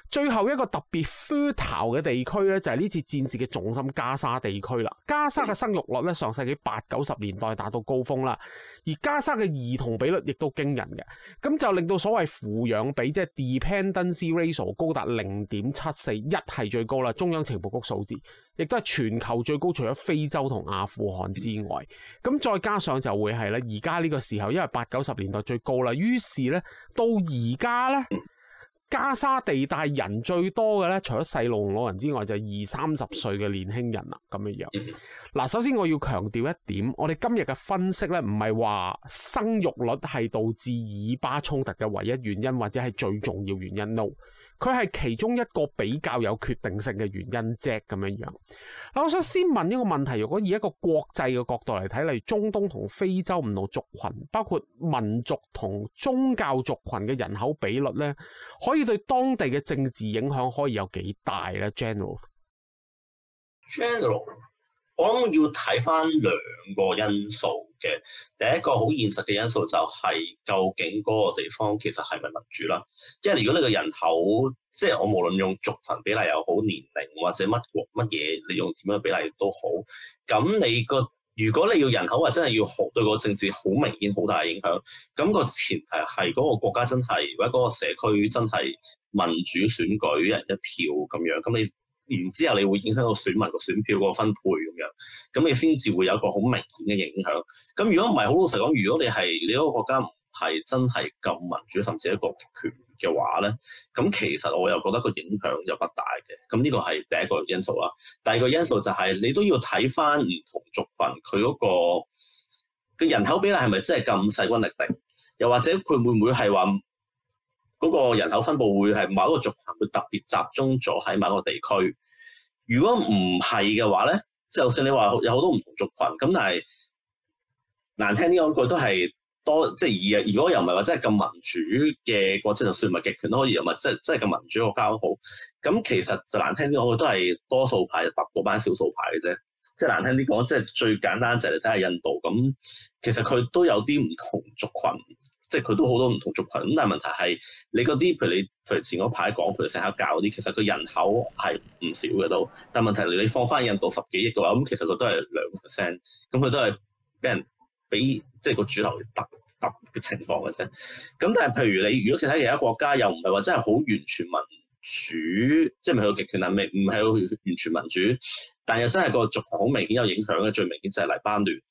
最後一個特別 fertile 嘅地區咧，就係、是、呢次戰事嘅重心加沙地區啦。加沙嘅生育率咧上世紀八九十年代，達到高峰啦，而加沙嘅兒童比率亦都驚人嘅，咁就令到所謂撫養比即係、就是、dependency ratio 高達零點七四一係最高啦。中央情報局數字亦都係全球最高，除咗非洲同阿富汗之外。咁再加上就會係咧而家呢個時候，因為八九十年代最高啦，於是咧到而家咧。 加沙地帶人最多嘅呢，除咗細路老人之外，就係二三十歲嘅年輕人啦。咁樣樣，嗱，首先我要強調一點，我哋今日嘅分析呢，唔係話生育率係導致以巴衝突嘅唯一原因或者係最重要原因咯。No 佢係其中一個比較有決定性嘅原因啫，咁樣樣。嗱，我想先問一個問題：如果以一個國際嘅角度嚟睇，例如中東同非洲唔同族群，包括民族同宗教族群嘅人口比率咧，可以對當地嘅政治影響可以有幾大咧？General，General，我諗要睇返兩個因素。嘅第一個好現實嘅因素就係究竟嗰個地方其實係咪民主啦？因為如果你個人口，即係我無論用族群比例又好，年齡或者乜國乜嘢，你用點樣比例都好，咁你個如果你要人口話真係要好對個政治好明顯好大嘅影響，咁個前提係嗰個國家真係或者嗰個社區真係民主選舉一人一票咁樣，咁你。然之後你會影響到選民個選票個分配咁樣，咁你先至會有一個好明顯嘅影響。咁如果唔係好老實講，如果你係你嗰個國家唔係真係咁民主，甚至一個權嘅話咧，咁其實我又覺得個影響又不大嘅。咁呢個係第一個因素啦。第二個因素就係、是、你都要睇翻唔同族群，佢嗰、那個嘅人口比例係咪真係咁勢均力敵，又或者佢會唔會係話？嗰個人口分佈會係某一個族群會特別集中咗喺某一個地區。如果唔係嘅話咧，就算你話有好多唔同族群咁，但係難聽啲講句都係多，即係而如果又唔係話真係咁民主嘅國質，就算唔係極權都可以有，即係即係咁民主國交好。咁其實就難聽啲講句都係多數派揼嗰班少數派嘅啫。即係難聽啲講，即係最簡單就係你睇下印度咁，其實佢都有啲唔同族群。即係佢都好多唔同族群，咁但係問題係你嗰啲，譬如你譬如前嗰排講，譬如成日教嗰啲，其實佢人口係唔少嘅都。但係問題係你放翻印度十幾億嘅話，咁其實佢都係兩個 percent，咁佢都係俾人俾即係個主流揼揼嘅情況嘅啫。咁但係譬如你如果睇其他國家，又唔係話真係好完全民主，即係唔係個極權諗命，唔係好完全民主，但係又真係個族群好明顯有影響嘅，最明顯就係黎巴嫩。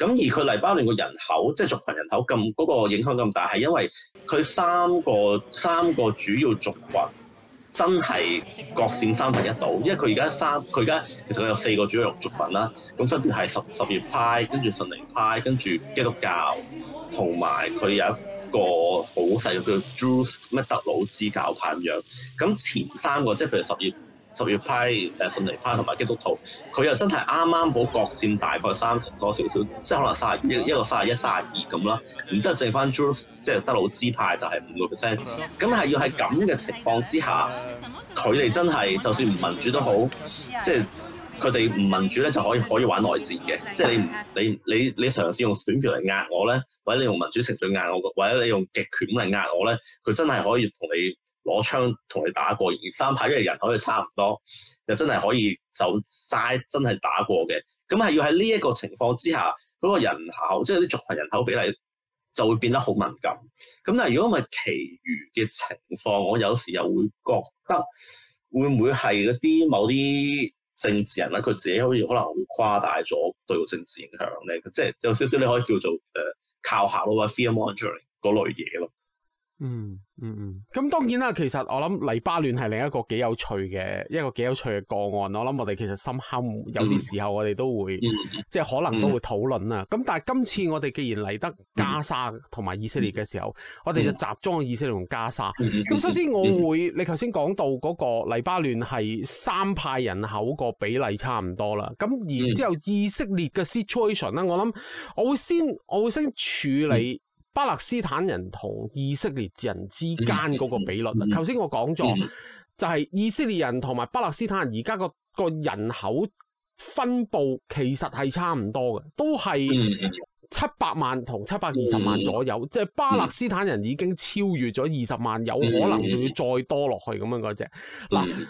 咁而佢黎巴嫩個人口，即係族群人口咁嗰個影響咁大，係因為佢三個三個主要族群真係各佔三分一到。因為佢而家三佢而家其實佢有四個主要族群啦，咁分別係什什葉派，跟住遜尼派，跟住基督教，同埋佢有一個好細嘅叫做 Druze 咩德魯茲教派咁樣。咁前三個即係譬如什葉。什葉派、誒遜尼派同埋基督徒，佢又真係啱啱好各佔大概三成多少少，即係可能卅一、一個卅一、卅二咁啦。然之後剩翻 Druze 即係德魯茲派就係五個 percent。咁係要喺咁嘅情況之下，佢哋真係就算唔民主都好，即係佢哋唔民主咧就可以可以玩內戰嘅。即係你唔，你你你嘗試用選票嚟壓我咧，或者你用民主程序壓我，或者你用極權嚟壓我咧，佢真係可以同你。攞槍同你打過，而三派嘅人口又差唔多，又真係可以就齋真係打過嘅。咁係要喺呢一個情況之下，嗰、那個人口即係啲族群人口比例就會變得好敏感。咁但係如果唔係，其餘嘅情況，我有時又會覺得會唔會係嗰啲某啲政治人物佢自己好似可能會誇大咗對個政治影響咧？即、就、係、是、有少少你可以叫做誒、呃、靠嚇咯，話 fear mongering 嗰類嘢咯。嗯嗯嗯，咁、嗯、當然啦，其實我諗黎巴嫩係另一個幾有趣嘅一個幾有趣嘅個案，我諗我哋其實深刻、嗯、有啲時候我哋都會，嗯、即係可能都會討論啊。咁、嗯、但係今次我哋既然嚟得加沙同埋以色列嘅時候，我哋就集中以色列同加沙。咁、嗯、首先我會，嗯、你頭先講到嗰個黎巴嫩係三派人口個比例差唔多啦。咁然之後以色列嘅 situation 啦，我諗我會先我會先處理、嗯。巴勒斯坦人同以色列人之間嗰個比率，嗱、嗯，頭先我講咗，嗯、就係以色列人同埋巴勒斯坦人而家個個人口分佈其實係差唔多嘅，都係七百萬同七百二十萬左右，即係、嗯、巴勒斯坦人已經超越咗二十萬，有可能仲要再多落去咁樣嗰隻。嗱、嗯，嗯、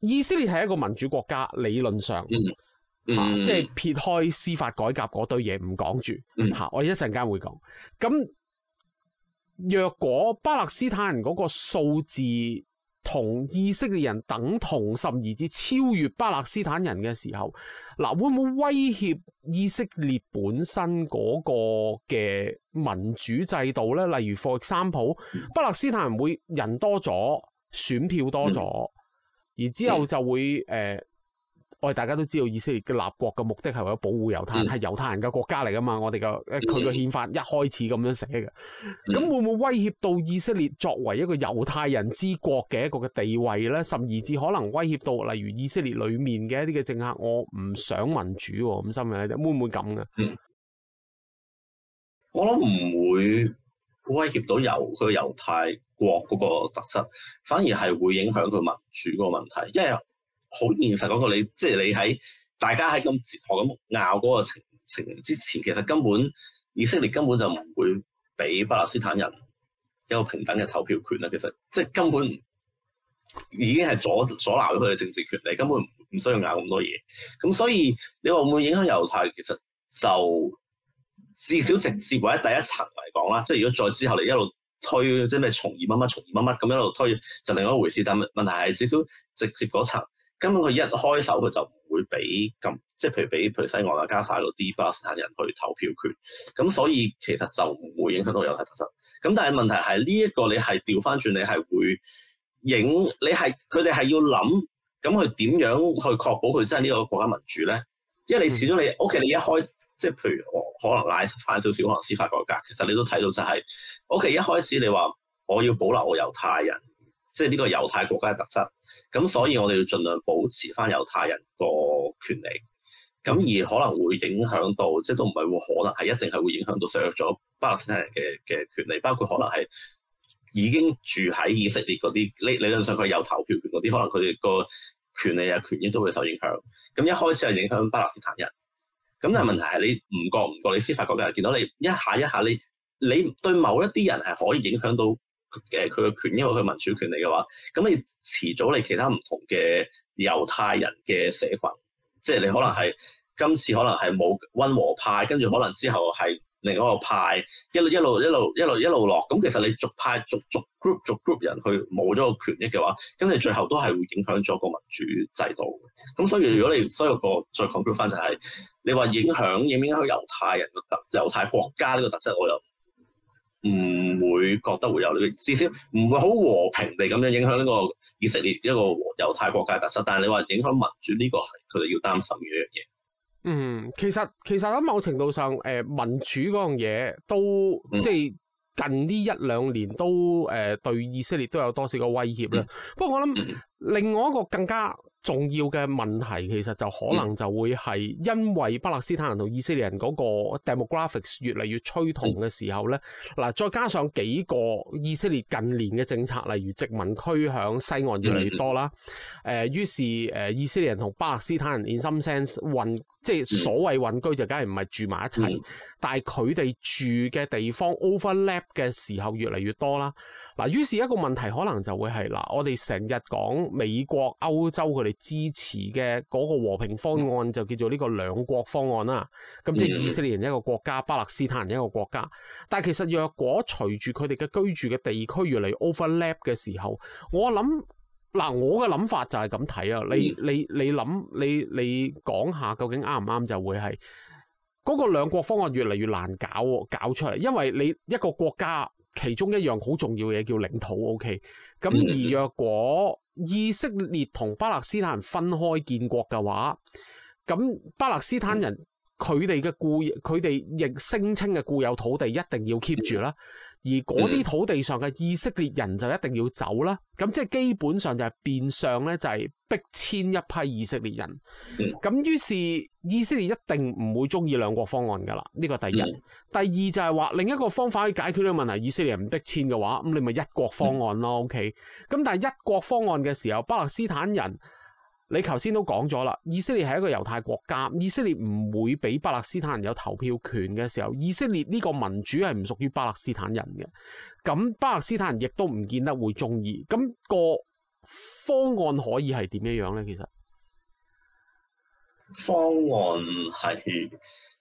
以色列係一個民主國家，理論上。嗯嗯啊、即係撇開司法改革嗰堆嘢唔講住，吓、嗯啊，我哋一陣間會講。咁若果巴勒斯坦人嗰個數字同以色列人等同，甚至超越巴勒斯坦人嘅時候，嗱、啊，會唔會威脅以色列本身嗰個嘅民主制度呢？例如霍克三普，巴勒斯坦人會人多咗，選票多咗，然、嗯、之後就會誒。嗯呃我哋大家都知道，以色列嘅立國嘅目的係為咗保護猶太人，係、嗯、猶太人嘅國家嚟噶嘛？我哋嘅誒，佢嘅憲法一開始咁樣寫嘅，咁、嗯、會唔會威脅到以色列作為一個猶太人之國嘅一個嘅地位咧？甚至可能威脅到，例如以色列裏面嘅一啲嘅政客，我唔想民主咁深嘅，會唔會咁噶？嗯，我諗唔會，威脅到猶佢嘅猶太國嗰個特質，反而係會影響佢民主個問題，因為。好現實講句，你即係你喺大家喺咁哲學咁拗嗰個情形之前，其實根本以色列根本就唔會俾巴勒斯坦人一個平等嘅投票權啦。其實即係根本已經係阻阻撓咗佢嘅政治權利，根本唔需要拗咁多嘢。咁所以你話會唔會影響猶太？其實就至少直接喺第一層嚟講啦，即係如果再之後嚟一路推即係咩從而乜乜從而乜乜咁一路推，就另一回事。但係問題係至少直接嗰層。根本佢一開手佢就唔會俾咁，即係譬如俾譬如西岸啊加沙到啲巴勒斯坦人去投票權，咁、嗯、所以其實就唔會影響到猶太特質。咁、嗯、但係問題係呢一個你係調翻轉你係會影，你係佢哋係要諗，咁佢點樣去確保佢真係呢個國家民主咧？因為你始終你 OK、嗯嗯、你一開即係譬如我可能拉翻少少可能司法改革，其實你都睇到就係、是、OK，一開始你話我要保留我猶太人。即係呢個猶太國家嘅特質，咁所以我哋要盡量保持返猶太人個權利，咁而可能會影響到，即係都唔係會可能係一定係會影響到削弱咗巴勒斯坦人嘅嘅權利，包括可能係已經住喺以色列嗰啲，理理論上佢有投票權嗰啲，可能佢哋個權利啊權益都會受影響。咁一開始係影響巴勒斯坦人，咁但係問題係你唔覺唔覺，你司法國家見到你一下一下你，你你對某一啲人係可以影響到。誒佢嘅權益，或佢民主權利嘅話，咁你遲早你其他唔同嘅猶太人嘅社群，即係你可能係今次可能係冇溫和派，跟住可能之後係另外一個派，一路一路一路一路一路落，咁其實你逐派逐逐 group 逐 group 人去冇咗個權益嘅話，咁你最後都係會影響咗個民主制度。咁所以如果你所以個再 conclude 翻就係、是，你話影響影唔影響猶太人嘅特猶太國家呢個特質，我又？唔會覺得會有，呢至少唔會好和平地咁樣影響呢、這個以色列一個猶太國家特色。但係你話影響民主呢個，係佢哋要擔心嘅一樣嘢。嗯，其實其實喺某程度上，誒民主嗰樣嘢都、嗯、即係近呢一兩年都誒、呃、對以色列都有多少個威脅啦。嗯、不過我諗另外一個更加。重要嘅問題其實就可能就會係因為巴勒斯坦人同以色列人嗰個 demographics 越嚟越趨同嘅時候咧，嗱、嗯、再加上幾個以色列近年嘅政策，例如殖民區響西岸越嚟越多啦，誒、嗯呃、於是誒以色列人同巴勒斯坦人 in some sense 混，即係所謂混居就梗係唔係住埋一齊，嗯、但係佢哋住嘅地方 overlap 嘅時候越嚟越多啦，嗱、呃、於是一個問題可能就會係嗱、呃、我哋成日講美國歐洲佢哋。支持嘅嗰個和平方案就叫做呢個兩國方案啦。咁即係以色列人一個國家，巴勒斯坦人一個國家。但係其實若果隨住佢哋嘅居住嘅地區越嚟越 overlap 嘅時候，我諗嗱，我嘅諗法就係咁睇啊。你你你諗你你講下究竟啱唔啱？就會係嗰個兩國方案越嚟越難搞，搞出嚟，因為你一個國家。其中一樣好重要嘅嘢叫領土，OK。咁而若果以色列同巴勒斯坦人分開建國嘅話，咁巴勒斯坦人，佢哋嘅固佢哋亦聲稱嘅固有土地一定要 keep 住啦。而嗰啲土地上嘅以色列人就一定要走啦，咁即係基本上就係變相咧就係、是、逼遷一批以色列人，咁於 是以色列一定唔會中意兩國方案噶啦，呢、這個第一。 第二就係話另一個方法去解決呢個問題，以色列人唔逼遷嘅話，咁你咪一國方案咯 ，OK？咁但係一國方案嘅時候，巴勒斯坦人。你頭先都講咗啦，以色列係一個猶太國家，以色列唔會俾巴勒斯坦人有投票權嘅時候，以色列呢個民主係唔屬於巴勒斯坦人嘅。咁巴勒斯坦人亦都唔見得會中意。咁個方案可以係點樣樣呢？其實方案係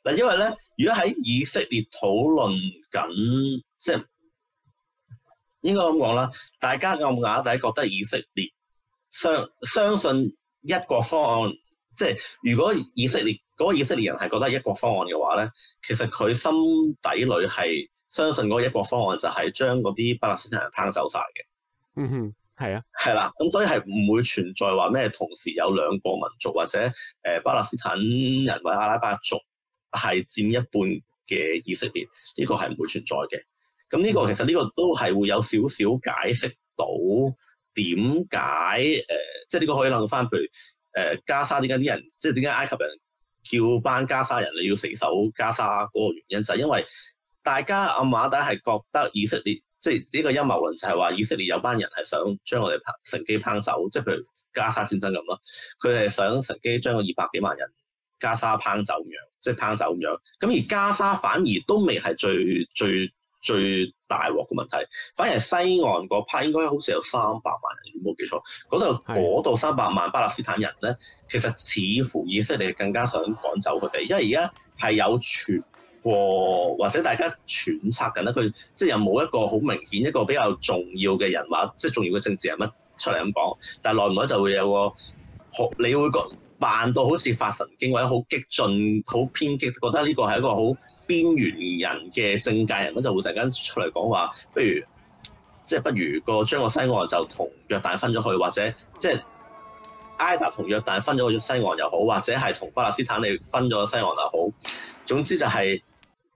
嗱，因為呢，如果喺以色列討論緊，即係應該咁講啦，大家暗啞底覺得以色列相相信。一國方案，即係如果以色列嗰個以色列人係覺得一國方案嘅話咧，其實佢心底裡係相信嗰一國方案就係將嗰啲巴勒斯坦人拏走晒嘅。嗯哼，係啊，係啦，咁所以係唔會存在話咩同時有兩個民族或者誒巴勒斯坦人或者阿拉伯族係佔一半嘅以色列，呢個係唔會存在嘅。咁呢個其實呢個都係會有少少解釋到。點解誒，即係呢個可以諗返，譬如誒、呃、加沙點解啲人，即係點解埃及人叫班加沙人你要死守加沙嗰個原因，就係、是、因為大家阿馬底係覺得以色列，即係呢個陰謀論就係話以色列有班人係想將我哋乘機烹走，即係譬如加沙戰爭咁咯。佢係想乘機將個二百幾萬人加沙烹走咁樣，即係烹走咁樣。咁而加沙反而都未係最最。最最大鍋嘅問題，反而西岸嗰 p a 應該好似有三百萬人，冇記錯，嗰度度三百萬巴勒斯坦人咧，其實似乎以色列係更加想趕走佢哋，因為而家係有傳過，或者大家揣測緊咧，佢即係又冇一個好明顯一個比較重要嘅人話，即係重要嘅政治人物出嚟咁講，但係內唔內就會有個學，你會覺扮到好似發神經或者好激進、好偏激，覺得呢個係一個好。邊緣人嘅政界人咁就會突然間出嚟講話，不如即係、就是、不如個將個西岸就同約旦分咗去，或者即係埃達同約旦分咗個西岸又好，或者係同巴勒斯坦你分咗西岸又好。總之就係、是、誒、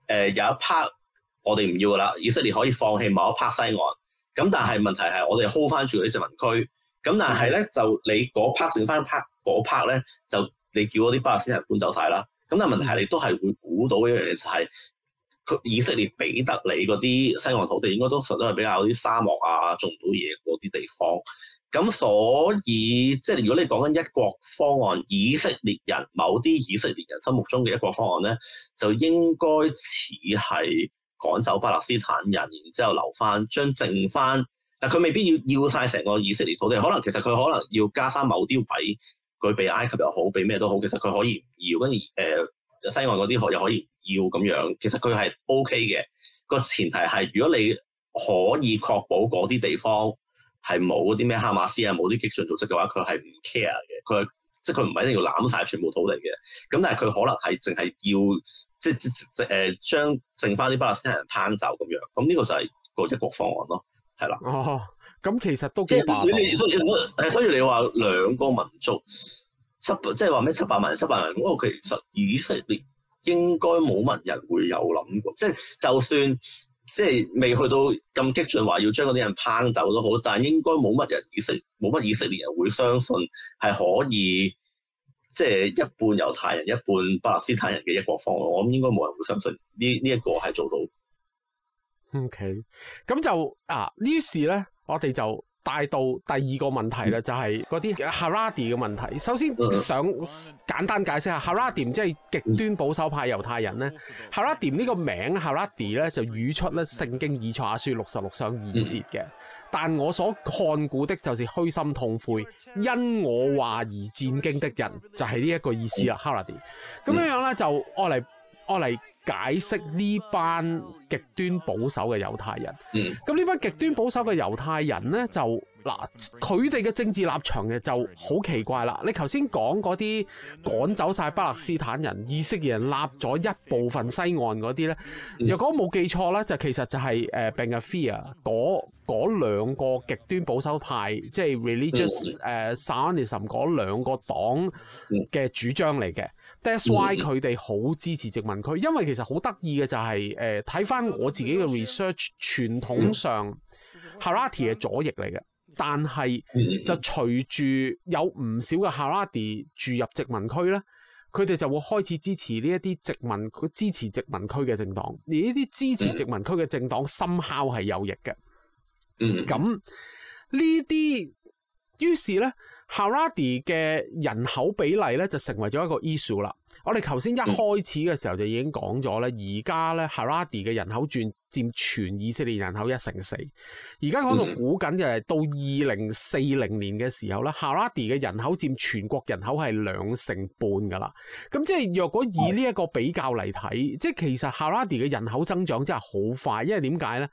呃、有一 part 我哋唔要噶啦，以色列可以放棄某一 part 西岸。咁但係問題係我哋 hold 翻住嗰啲殖民區。咁但係咧，就你嗰 part 剩翻 part 嗰 part 咧，就你叫嗰啲巴勒斯坦人搬走晒啦。咁但係問題係，你都係會估到一樣嘢，就係、是、佢以色列俾得你嗰啲西岸土地，應該都實都係比較有啲沙漠啊，種唔到嘢嗰啲地方。咁所以即係如果你講緊一國方案，以色列人某啲以色列人心目中嘅一國方案咧，就應該似係趕走巴勒斯坦人，然之後留翻，將剩翻但佢未必要要晒成個以色列土地，可能其實佢可能要加翻某啲位。佢俾埃及又好，俾咩都好，其實佢可以唔要，跟住誒、呃、西岸嗰啲學又可以唔要咁樣，其實佢係 OK 嘅。個前提係，如果你可以確保嗰啲地方係冇啲咩哈馬斯啊，冇啲激進組織嘅話，佢係唔 care 嘅。佢即係佢唔係一定要攬晒全部土地嘅。咁但係佢可能係淨係要即係誒、呃、將剩翻啲巴勒斯坦人攤走咁樣。咁呢個就係個一國方案咯，係啦。哦。咁其實都即係所以你話兩個民族七即係話咩七百萬人、七百萬人，咁其實以色列應該冇乜人會有諗過，即係就算即係未去到咁激進，話要將嗰啲人拋走都好，但係應該冇乜人以色列冇乜以色列人會相信係可以即係、就是、一半猶太人一半巴勒斯坦人嘅一國方案，我諗應該冇人會相信呢呢一個係做到。OK，咁就啊於是呢事咧。我哋就帶到第二個問題啦，就係嗰啲哈拉迪嘅問題。首先想簡單解釋下哈拉迪，唔即係極端保守派猶太人咧、嗯。哈拉迪呢個名，哈拉迪咧就語出咧《聖經以賽亞書六十六上二節》嘅、嗯。但我所看顧的就是虛心痛悔，因我話而戰驚的人，就係呢一個意思啦。嗯、哈拉迪咁樣樣咧，就愛嚟愛嚟。解釋呢班極端保守嘅猶太人，咁呢班極端保守嘅猶太人咧就嗱，佢哋嘅政治立場嘅就好奇怪啦。你頭先講嗰啲趕走晒巴勒斯坦人、以色列人，立咗一部分西岸嗰啲咧，若、嗯、果冇記錯咧，就其實就係誒 Ben Gvir 嗰嗰兩個極端保守派，即係 religious 誒 Zionism 嗰兩個黨嘅主張嚟嘅。That's why 佢哋好支持殖民區，嗯、因為其實好得意嘅就係誒睇返我自己嘅 research，傳統上 Haredi 係左翼嚟嘅，但係就隨住有唔少嘅 Haredi 住入殖民區咧，佢哋就會開始支持呢一啲殖民，佢支持殖民區嘅政黨，而呢啲支持殖民區嘅政黨 somehow 係右翼嘅，嗯，咁呢啲，於是咧。哈拉迪嘅人口比例咧就成為咗一個 issue 啦。我哋頭先一開始嘅時候就已經講咗咧，而家咧哈拉迪嘅人口佔佔全以色列人口一成四。而家講到估緊就係到二零四零年嘅時候咧，哈拉迪嘅人口佔全國人口係兩成半㗎啦。咁即係若果以呢一個比較嚟睇，哦、即係其實哈拉迪嘅人口增長真係好快，因為點解咧？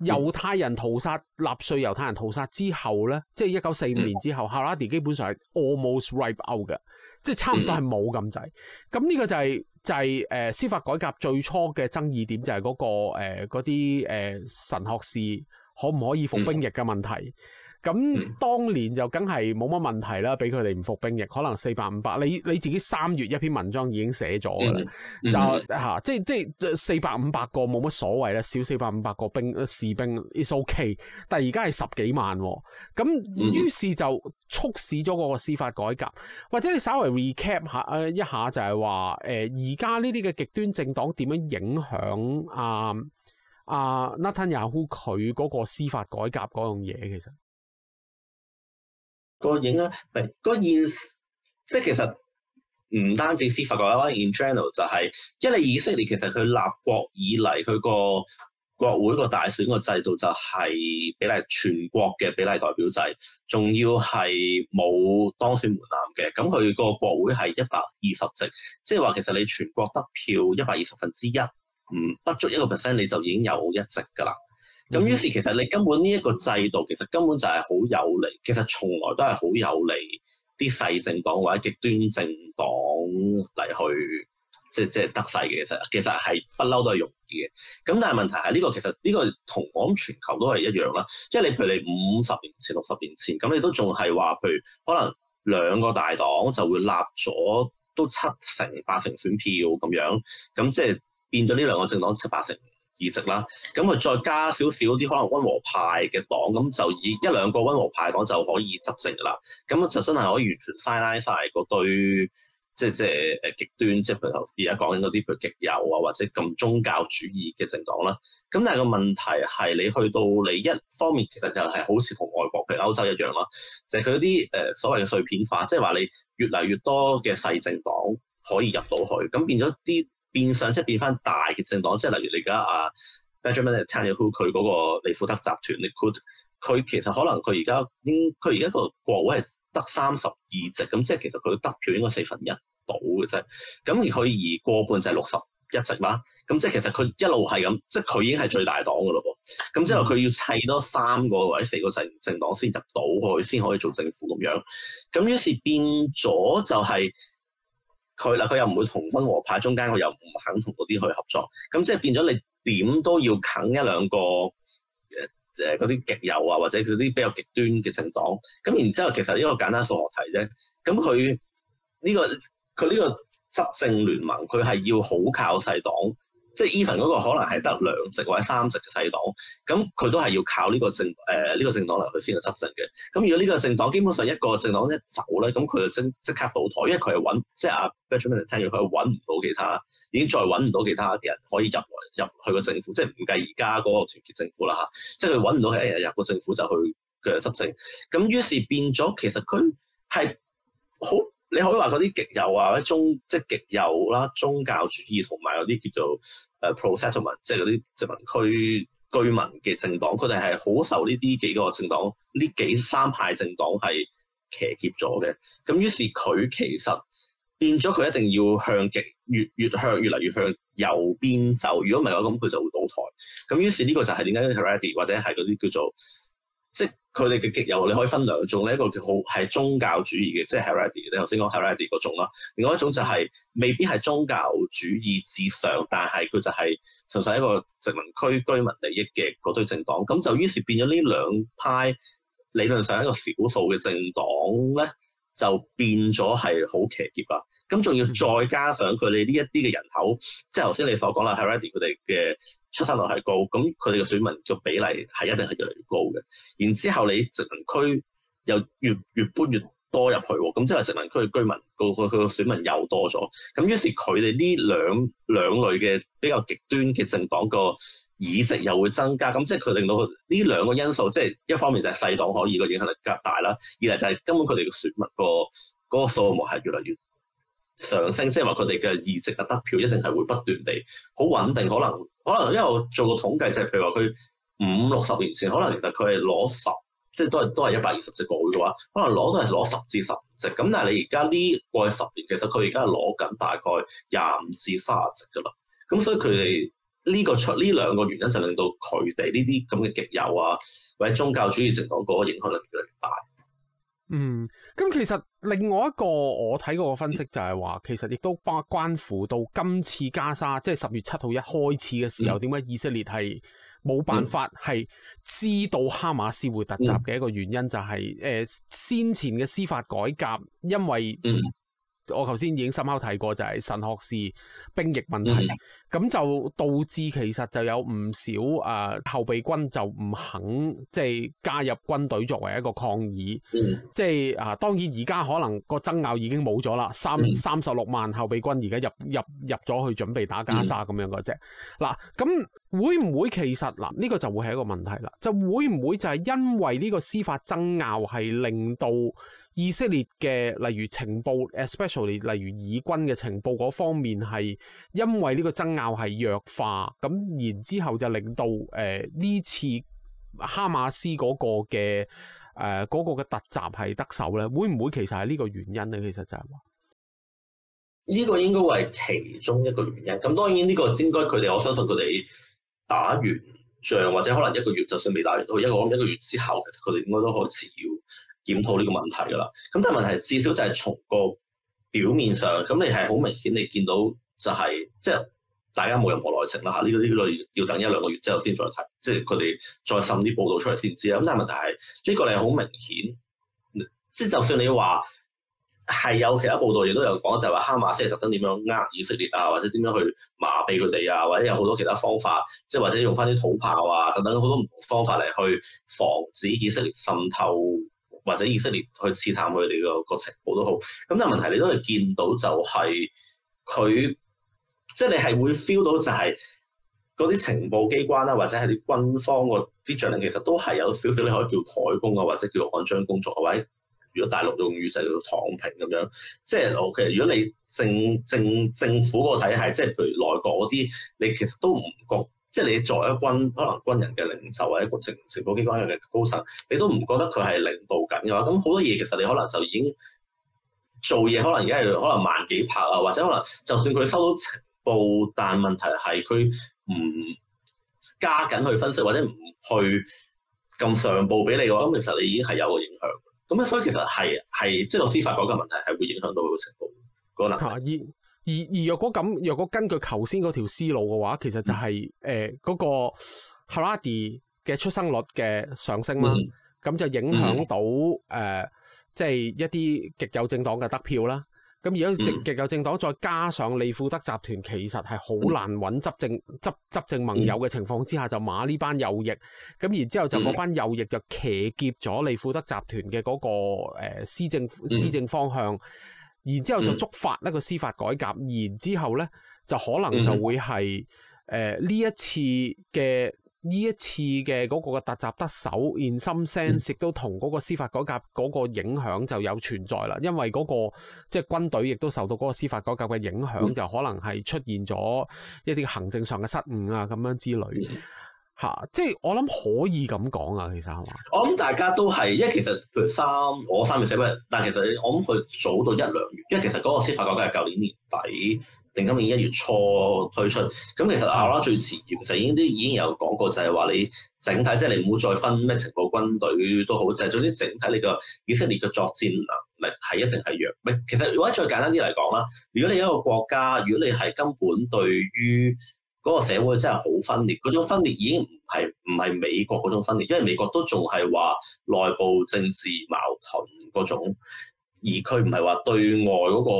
猶太人屠殺，納粹猶太人屠殺之後呢，即係一九四五年之後，嗯、哈拉迪基本上係 almost wiped out 嘅，即係差唔多係冇咁滯。咁呢、嗯、個就係、是、就係、是、誒、呃、司法改革最初嘅爭議點，就係、是、嗰、那個嗰啲誒神學士可唔可以服兵役嘅問題。嗯嗯咁、嗯、當年就梗係冇乜問題啦，俾佢哋唔服兵役，可能四百五百。你你自己三月一篇文章已經寫咗㗎啦，就嚇即係即係四百五百個冇乜所謂啦。少四百五百個兵士兵 is O K。Okay，但係而家係十幾萬喎、啊，咁於是就促使咗嗰個司法改革，或者你稍微 recap 下啊一下就係話誒而家呢啲嘅極端政黨點樣影響啊啊 Netanyahu 佢嗰個司法改革嗰樣嘢其實。個影啊，唔係、個現，即係其實唔單止司法國家，in general 就係，因為以色列其實佢立國以嚟，佢個國會個大選個制度就係比例全國嘅比例代表制，仲要係冇當選門檻嘅，咁佢個國會係一百二十席，即係話其實你全國得票一百二十分之一、嗯，唔不足一個 percent 你就已經有一席㗎啦。咁、嗯、於是其實你根本呢一個制度其實根本就係好有利，其實從來都係好有利啲細政黨或者極端政黨嚟去，即係即係得勢嘅。其實其實係不嬲都係容易嘅。咁但係問題係呢個其實呢個同我諗全球都係一樣啦。即係你譬如你五十年前、六十年前咁，你都仲係話譬如可能兩個大黨就會立咗都七成八成選票咁樣，咁即係變咗呢兩個政黨七八成。議席啦，咁佢再加少少啲可能溫和派嘅黨，咁就以一兩個溫和派黨就可以執政噶啦。咁啊，就真係可以完全嘥拉晒嗰堆，即係即係誒極端，即係譬如頭而家講緊嗰啲，譬如極右啊，或者咁宗教主義嘅政黨啦。咁但係個問題係，你去到你一方面，其實就係好似同外國，譬如歐洲一樣咯，就係佢啲誒所謂嘅碎片化，即係話你越嚟越多嘅細政黨可以入到去，咁變咗啲。變相即係變翻大嘅政黨，即係例如你而家啊 Benjamin Netanyahu 嘅佢嗰個利富德集團，佢佢其實可能佢而家應佢而家個國會係得三十二席，咁即係其實佢得票應該四分一到嘅啫。咁而佢而過半就係六十一席啦。咁即係其實佢一路係咁，即係佢已經係最大黨嘅咯噃。咁之後佢要砌多三個或者四個政政黨先入到去，先可以做政府咁樣。咁於是變咗就係、是。佢嗱佢又唔會同溫和派中間，佢又唔肯同嗰啲去合作，咁、嗯、即係變咗你點都要啃一兩個誒誒嗰啲極右啊，或者嗰啲比較極端嘅政黨。咁、嗯、然之後其實呢個簡單數學題啫，咁佢呢個佢呢個執政聯盟，佢係要好靠細黨。即係 even 嗰個可能係得兩席或者三席嘅細黨，咁佢都係要靠呢個政誒呢、呃呢個政黨嚟去先去執政嘅。咁如果呢個政黨基本上一個政黨一走咧，咁佢就即即刻倒台，因為佢係揾即係阿 Benjamin 聽住佢揾唔到其他，已經再揾唔到其他嘅人可以入入去個政府，即係唔計而家嗰個團結政府啦嚇，即係佢揾唔到係、哎、入入個政府就去嘅執政。咁於是變咗，其實佢係好。你可以話嗰啲極右啊或者宗即係極右啦，啊，宗教主義同埋嗰啲叫做誒 pro-settlement 即係嗰啲殖民區居民嘅政黨，佢哋係好受呢啲幾個政黨呢幾三派政黨係騎劫咗嘅。咁於是佢其實變咗，佢一定要向極越越向越嚟越向右邊走。如果唔係嘅話，咁佢就會倒台。咁於是呢個就係點解 Haredi 或者係嗰啲叫做。佢哋嘅極右，你可以分兩種咧，一個叫好係宗教主義嘅，即係 Haredi，你頭先講 Haredi 嗰種啦。另外一種就係未必係宗教主義至上，但係佢就係純粹係一個殖民區居民利益嘅嗰堆政黨。咁就於是變咗呢兩派理論上一個少數嘅政黨咧，就變咗係好騎劫啊！咁仲要再加上佢哋呢一啲嘅人口，即係頭先你所講啦係 Haredi 佢哋嘅出生率係高，咁佢哋嘅選民嘅比例係一定係越嚟越高嘅。然之後你殖民區又越越搬越多入去，咁即係殖民區嘅居民個個個選民又多咗，咁於是佢哋呢兩兩類嘅比較極端嘅政黨個議席又會增加，咁即係佢令到呢兩個因素，即係一方面就係細黨可以個影響力加大啦，二嚟就係根本佢哋嘅選民、個、嗰個數目係越嚟越上升，即係話佢哋嘅議席嘅得票一定係會不斷地好穩定，可能可能因為我做過統計，就係譬如話佢五六十年前，可能其實佢係攞十，即係都係都係一百二十席個國會嘅話，可能攞都係攞十至十席。咁但係你而家呢，過去十年，其實佢而家係攞緊大概廿五至卅席噶啦。咁所以佢哋呢個出呢、呢個、兩個原因就令到佢哋呢啲咁嘅極右啊，或者宗教主義成講嗰個影響力越嚟越大。嗯，咁其實另外一個我睇過嘅分析就係話，其實亦都關關乎到今次加沙，即係十月七號一開始嘅時候，點解、嗯、以色列係冇辦法係知道哈馬斯會突襲嘅一個原因、就係，就係誒先前嘅司法改革，因為，嗯我頭先已經深刻提過，就係神學士兵役問題，咁、嗯、就導致其實就有唔少啊、呃、後備軍就唔肯即係加入軍隊作為一個抗議，嗯、即係啊當然而家可能個爭拗已經冇咗啦，三三十六萬後備軍而家入入入咗去準備打加沙咁樣嘅啫，嗱咁、嗯啊、會唔會其實嗱呢、啊這個就會係一個問題啦，就會唔會就係因為呢個司法爭拗係令到以色列嘅例如情報 especially 例如以軍嘅情報嗰方面，係因為呢個爭拗係弱化，咁然之後就令到誒呢、呃、次哈馬斯嗰個嘅誒嗰個嘅突襲係得手咧，會唔會其實係呢個原因咧？其實就係話呢個應該係其中一個原因。咁當然呢個應該佢哋，我相信佢哋打完仗或者可能一個月，就算未打完到一個一個月之後，其實佢哋應該都開始要。檢討呢個問題㗎啦。咁但係問題，至少就係從個表面上，咁你係好明顯，你見到就係即係大家冇任何內情啦嚇。呢個呢個要等一兩個月之後先再睇，即係佢哋再審啲報道出嚟先知啊。咁但係問題係，呢個你係好明顯，即係就算你話係有其他報道，亦都有講，就係話哈馬斯係特登點樣呃以色列啊，或者點樣去麻痹佢哋啊，或者有好多其他方法，即係或者用翻啲土炮啊等等好多唔同方法嚟去防止以色列滲透。或者以色列去刺探佢哋個個情報都好，咁但係問題你都係見到就係佢，即係你係會 feel 到就係嗰啲情報機關啦，或者係啲軍方嗰啲將領，其實都係有少少你可以叫怠工啊，或者叫按章工作啊，或者如果大陸用語就叫躺平咁樣，即係 OK。如果你政政政府個體系，即係譬如內閣嗰啲，你其實都唔覺。即係你作為一軍，可能軍人嘅領袖或者一個情情報機關嘅高層，你都唔覺得佢係領導緊嘅話，咁好多嘢其實你可能就已經做嘢，可能而家係可能慢幾拍啊，或者可能就算佢收到情報，但問題係佢唔加緊去分析，或者唔去咁上報俾你嘅話，咁其實你已經係有個影響。咁啊，所以其實係係即係嗰司法嗰個問題係會影響到佢個情報嗰個能力。而而若果咁，若果根據頭先嗰條思路嘅話，其實就係誒嗰個 Haredi 嘅出生率嘅上升啦，咁、嗯、就影響到誒、嗯呃，即係一啲極右政黨嘅得票啦。咁而家極極右政黨再加上利庫德集團，其實係好難揾執政執執政盟友嘅情況之下，就馬呢班右翼，咁然之後就嗰班右翼就騎劫咗利庫德集團嘅嗰個施、呃、政施政、政方向。然之後就觸發呢個司法改革，然之後呢，就可能就會係誒呢一次嘅呢一次嘅嗰個嘅突襲得手，in some sense 都同嗰個司法改革嗰個影響就有存在啦，因為嗰、那個即係、就是、軍隊亦都受到嗰個司法改革嘅影響， 就可能係出現咗一啲行政上嘅失誤啊咁樣之類。吓，即係我諗可以咁講啊，其實係嘛？我諗大家都係，因為其實譬如三，我三月寫乜？但其實我諗佢早到一兩月，因為其實嗰個司法改革係舊年年底，定今年一月初推出。咁其實後啦、啊、最遲其實已經都已經有講過，就係話你整體即係、就是、你唔好再分咩情報軍隊都好，就係總之整體你個以色列嘅作戰能力係一定係弱。其實如果再簡單啲嚟講啦，如果你一個國家，如果你係根本對於。嗰個社會真係好分裂，嗰種分裂已經唔係唔係美國嗰種分裂，因為美國都仲係話內部政治矛盾嗰種，而佢唔係話對外嗰、嗰個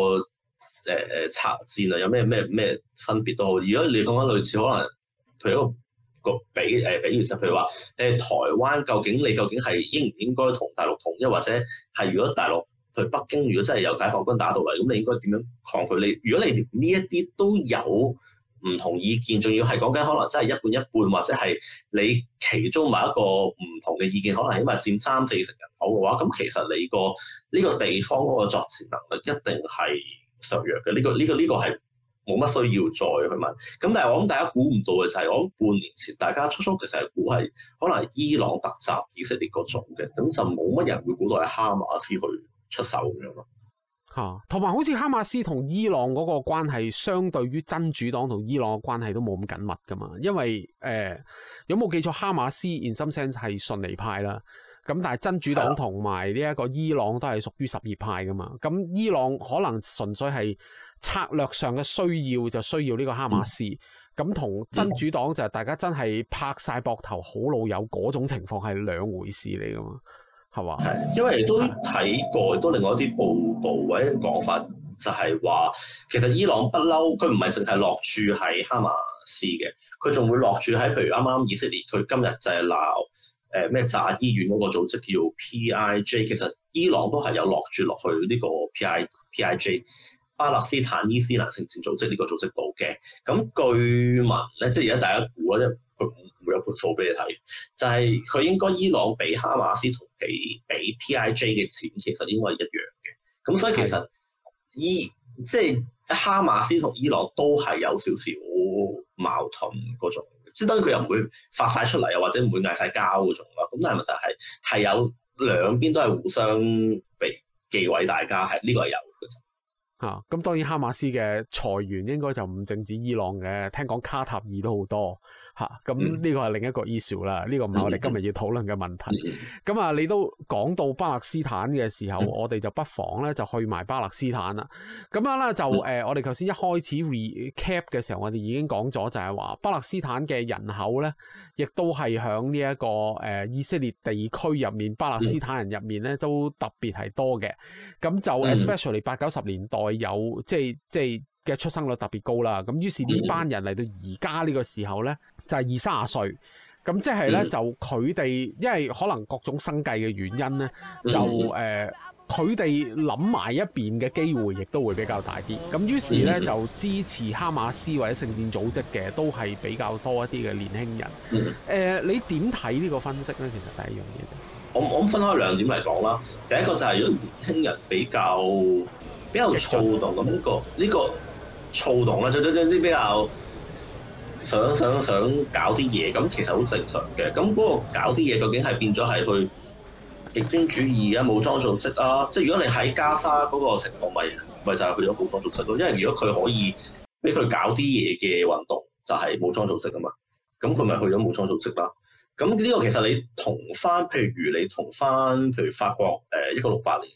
誒誒戰略啊，有咩咩咩分別都好。如果你講緊類似可能，譬如一個比誒、呃、比喻就譬如話誒、呃、台灣，究竟你究竟係應唔應該同大陸統一，或者係如果大陸去北京，如果真係有解放軍打到嚟，咁你應該點樣抗拒你？如果你連呢一啲都有。唔同意見，仲要係講緊可能真係一半一半，或者係你其中某一個唔同嘅意見，可能起碼佔三四成人口嘅話，咁其實你、呢個呢、呢個地方嗰個作戰能力一定係削弱嘅。呢、呢個呢、呢個呢、呢個係冇乜需要再去問。咁但係我諗大家估唔到嘅就係，我諗半年前大家初初其實係估係可能伊朗特襲以色列嗰種嘅，咁就冇乜人會估到係哈馬斯去出手咁樣咯。嚇，同埋、啊、好似哈馬斯同伊朗嗰個關係，相對於真主黨同伊朗嘅關係都冇咁緊密噶嘛？因為誒，有、呃、冇記錯，哈馬斯 in some sense 係遜尼派啦，咁但係真主黨同埋呢一個伊朗都係屬於十二派噶嘛？咁伊朗可能純粹係策略上嘅需要，就需要呢個哈馬斯，咁同、嗯、真主黨就大家真係拍晒膊頭好老友嗰種情況係兩回事嚟噶嘛？係因為都睇過，都另外一啲報導或者講法，就係話其實伊朗不嬲，佢唔係淨係落住喺哈馬斯嘅，佢仲會落住喺譬如啱啱以色列，佢今日就係鬧誒咩炸醫院嗰個組織叫做 P.I.J.，其實伊朗都係有落住落去呢個 P.I.P.I.J. 巴勒斯坦伊斯蘭聖戰組織呢個組織度嘅。咁據聞咧，即係而家大家估啦，即佢。會有盤數俾你睇，就係、是、佢應該伊朗俾哈馬斯同俾俾 P I J 嘅錢，其實應該係一樣嘅。咁所以其實伊即係哈馬斯同伊朗都係有少少矛盾嗰種，即係當然佢又唔會發晒出嚟，又或者唔會嗌晒交嗰種啦。咁但係問題係係有兩邊都係互相被寄委大家係呢、這個係有嘅啫。咁、啊、當然哈馬斯嘅財源應該就唔淨止伊朗嘅，聽講卡塔爾都好多。吓，咁呢個係另一個 issue 啦，呢個唔係我哋今日要討論嘅問題。咁啊，嗯、你都講到巴勒斯坦嘅時候，我哋就不妨咧就去埋巴勒斯坦啦。咁啊啦，就誒，我哋頭先一開始 recap 嘅時候，我哋已經講咗就係話巴勒斯坦嘅人口咧，亦都係喺呢一個誒、呃、以色列地區入面，巴勒斯坦人入面咧都特別係多嘅。咁就 especially 八九十年代有即係即係嘅出生率特別高啦。咁於是呢班人嚟到而家呢個時候咧，就係二三十歲，咁即係咧，嗯、就佢哋因為可能各種生計嘅原因咧，嗯、就誒佢哋諗埋一邊嘅機會，亦都會比較大啲。咁於是咧，就支持哈馬斯或者聖戰組織嘅，都係比較多一啲嘅年輕人。誒、嗯呃，你點睇呢個分析咧？其實第一樣嘢就我我分開兩點嚟講啦。第一個就係如果年輕人比較比較躁動，咁呢個、呢個躁動啊，就最、是、啲比較。想想想搞啲嘢，咁其實好正常嘅。咁嗰個搞啲嘢，究竟係變咗係去極端主義啊、武裝組織啊。即係如果你喺加沙嗰個情況，咪咪就係、是、去咗武裝組織咯、啊。因為如果佢可以俾佢搞啲嘢嘅運動，就係、是、武裝組織啊嘛。咁佢咪去咗武裝組織啦、啊。咁呢個其實你同翻，譬如你同翻，譬如法國誒一九六八年。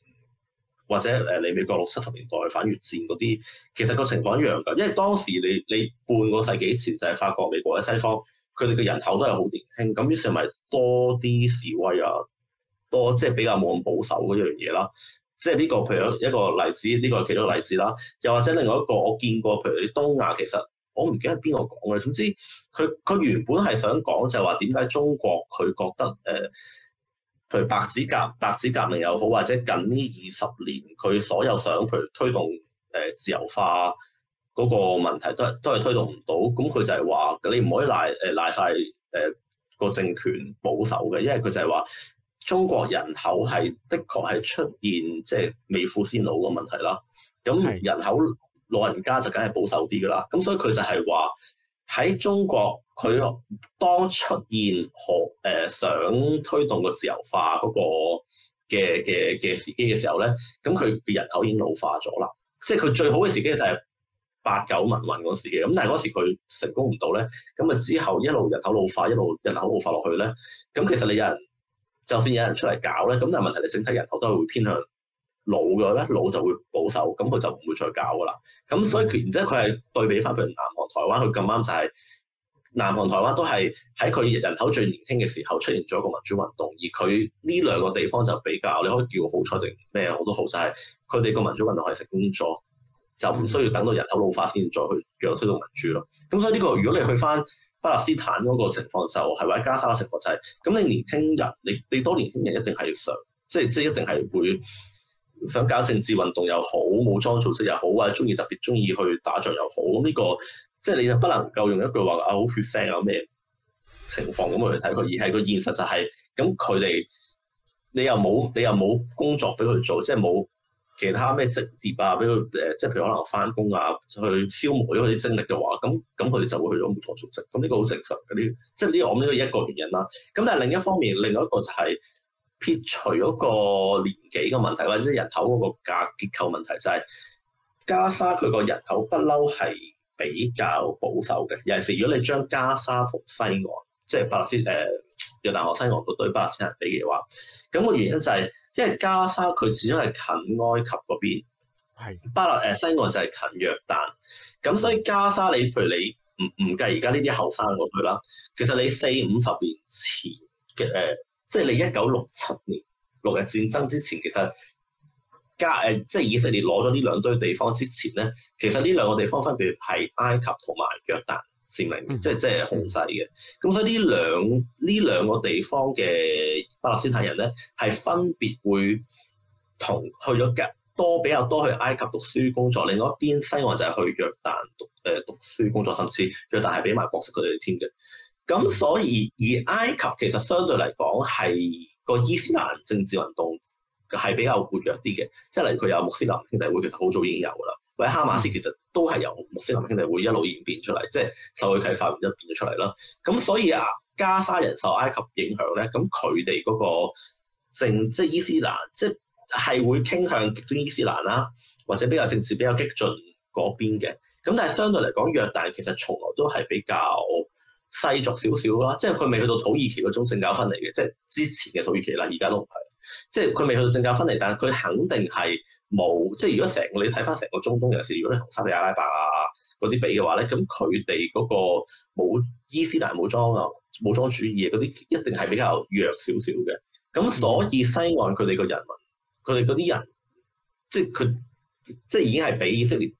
或者誒，你美國六七十年代反越戰嗰啲，其實個情況一樣㗎，因為當時你你半個世紀前就係法國、美國喺西方，佢哋嘅人口都係好年輕，咁於是咪多啲示威啊，多即係比較冇咁保守嗰樣嘢啦。即係、這、呢個譬如一個例子，呢、這個係其中一個例子啦。又或者另外一個，我見過譬如啲東亞，其實我唔記得係邊個講嘅，總之佢佢原本係想講就係話點解中國佢覺得誒。呃譬如白紙革命又好，或者近呢二十年佢所有想，譬如推動誒自由化嗰個問題都，都係都係推動唔到。咁佢就係話，你唔可以賴誒賴曬誒個政權保守嘅，因為佢就係話中國人口係的確係出現即係未富先老嘅問題啦。咁人口老人家就梗係保守啲噶啦。咁所以佢就係話。喺中國，佢當出現何誒、呃、想推動個自由化嗰個嘅嘅嘅時機嘅時候咧，咁佢佢人口已經老化咗啦。即係佢最好嘅時機就係八九民運嗰時機，咁但係嗰時佢成功唔到咧，咁啊之後一路人口老化，一路人口老化落去咧，咁其實你有人就算有人出嚟搞咧，咁但係問題你整體人口都係會偏向老嘅咧，老就會保守，咁佢就唔會再搞噶啦。咁所以佢然之後佢係對比翻佢南。台灣佢咁啱就係南韓、台灣都係喺佢人口最年輕嘅時候出現咗一個民主運動，而佢呢兩個地方就比較，你可以叫好彩定咩好都好，就係佢哋個民主運動係成功咗，就唔需要等到人口老化先再去養推動民主咯。咁所以呢、這個如果你去返巴勒斯坦嗰個情況就係或者加沙嘅情況就係、是，咁你年輕人，你你多年輕人一定係想，即係即係一定係會想搞政治運動又好，武裝組織又好，或者鍾意特別鍾意去打仗又好，呢、這個。即係你就不能夠用一句話啊好血腥啊咩情況咁嚟睇佢，而係個現實就係咁佢哋你又冇你又冇工作俾佢做，即係冇其他咩職業啊俾佢誒，即係譬如可能返工啊去消磨咗佢啲精力嘅話，咁咁佢哋就會去咗武裝組織。咁呢個好真實嘅，呢即係呢我諗呢個一個原因啦。咁但係另一方面，另外一個就係撇除嗰個年紀嘅問題，或者人口嗰個架結構問題，就係、是、加沙佢個人口不嬲係。比較保守嘅尤其係，如果你將加沙同西岸，即係巴勒斯誒約旦河西岸嗰堆巴勒斯人比嘅話，咁個原因就係因為加沙佢始終係近埃及嗰邊，係巴勒誒西岸就係近約旦，咁所以加沙你譬如你唔唔計而家呢啲後生嗰堆啦，其實你四五十年前嘅誒，即係你一九六七年六日戰爭之前其實。加誒，即係以色列攞咗呢兩堆地方之前咧，其實呢兩個地方分別係埃及同埋約旦佔領，嗯、即係即係控制嘅。咁所以呢兩呢兩個地方嘅巴勒斯坦人咧，係分別會同去咗加多比較多去埃及讀書工作，另外一邊西岸就係去約旦讀誒讀，讀書工作，甚至約旦係俾埋國籍佢哋添嘅。咁所以、嗯、而埃及其實相對嚟講係個伊斯蘭政治運動。係比較活躍啲嘅，即係例如佢有穆斯林兄弟會，其實好早已經有噶啦，或者哈馬斯其實都係由穆斯林兄弟會一路演變出嚟，即係受佢啟發一變咗出嚟啦。咁所以啊，加沙人受埃及影響咧，咁佢哋嗰個政即係伊斯蘭，即係會傾向極端伊斯蘭啦，或者比較政治比較激進嗰邊嘅。咁但係相對嚟講約旦其實從來都係比較世俗少少啦，即係佢未去到土耳其嗰種政教分離嘅，即係之前嘅土耳其啦，而家都唔係。即係佢未去到政教分離，但係佢肯定係冇。即係如果成個你睇翻成個中東人士，有時如果你同沙地阿拉伯啊嗰啲比嘅話咧，咁佢哋嗰個武，伊斯蘭武裝啊、武裝主義嗰啲，一定係比較弱少少嘅。咁所以西岸佢哋個人民，佢哋嗰啲人，即係佢，即係已經係比以色列。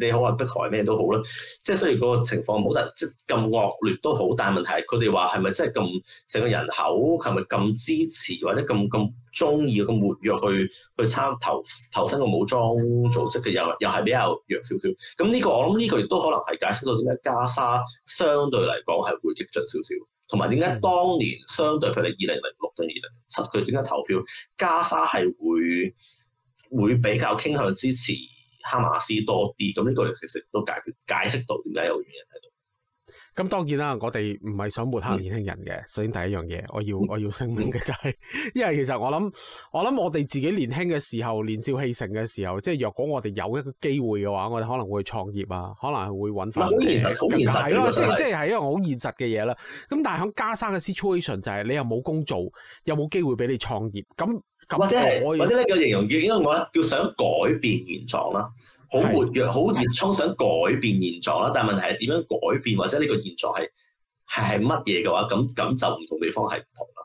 你好話迫害咩都好啦，即係所以個情況冇得即咁惡劣都好，但係問題佢哋話係咪真係咁成個人口係咪咁支持，或者咁咁中意咁活躍去去參投投身個武裝組織嘅，又又係比較弱少少。咁呢個我諗呢個亦都可能係解釋到點解加沙相對嚟講係會激進少少，同埋點解當年相對佢哋二零零六定二零七佢點解投票加沙係會會比較傾向支持。哈馬斯多啲，咁呢個其實都解決解釋到點解有原因喺度。咁當然啦，我哋唔係想抹黑年輕人嘅，首先第一樣嘢，我要我要聲明嘅就係、是，因為其實我諗我諗我哋自己年輕嘅時候，年少氣盛嘅時候，即係若果我哋有一個機會嘅話，我哋可能會去創業啊，可能係會揾翻啲。好現實，好現實，係咯、就是，即係即係係一個好現實嘅嘢啦。咁但係喺加沙嘅 situation 就係、是、你又冇工做，又冇機會俾你創業，咁。或者係或者呢個形容語，因為我咧叫想改變現狀啦，好活躍，好熱衷想改變現狀啦。但問題係點樣改變，或者呢個現狀係係係乜嘢嘅話，咁咁就唔同地方係唔同啦。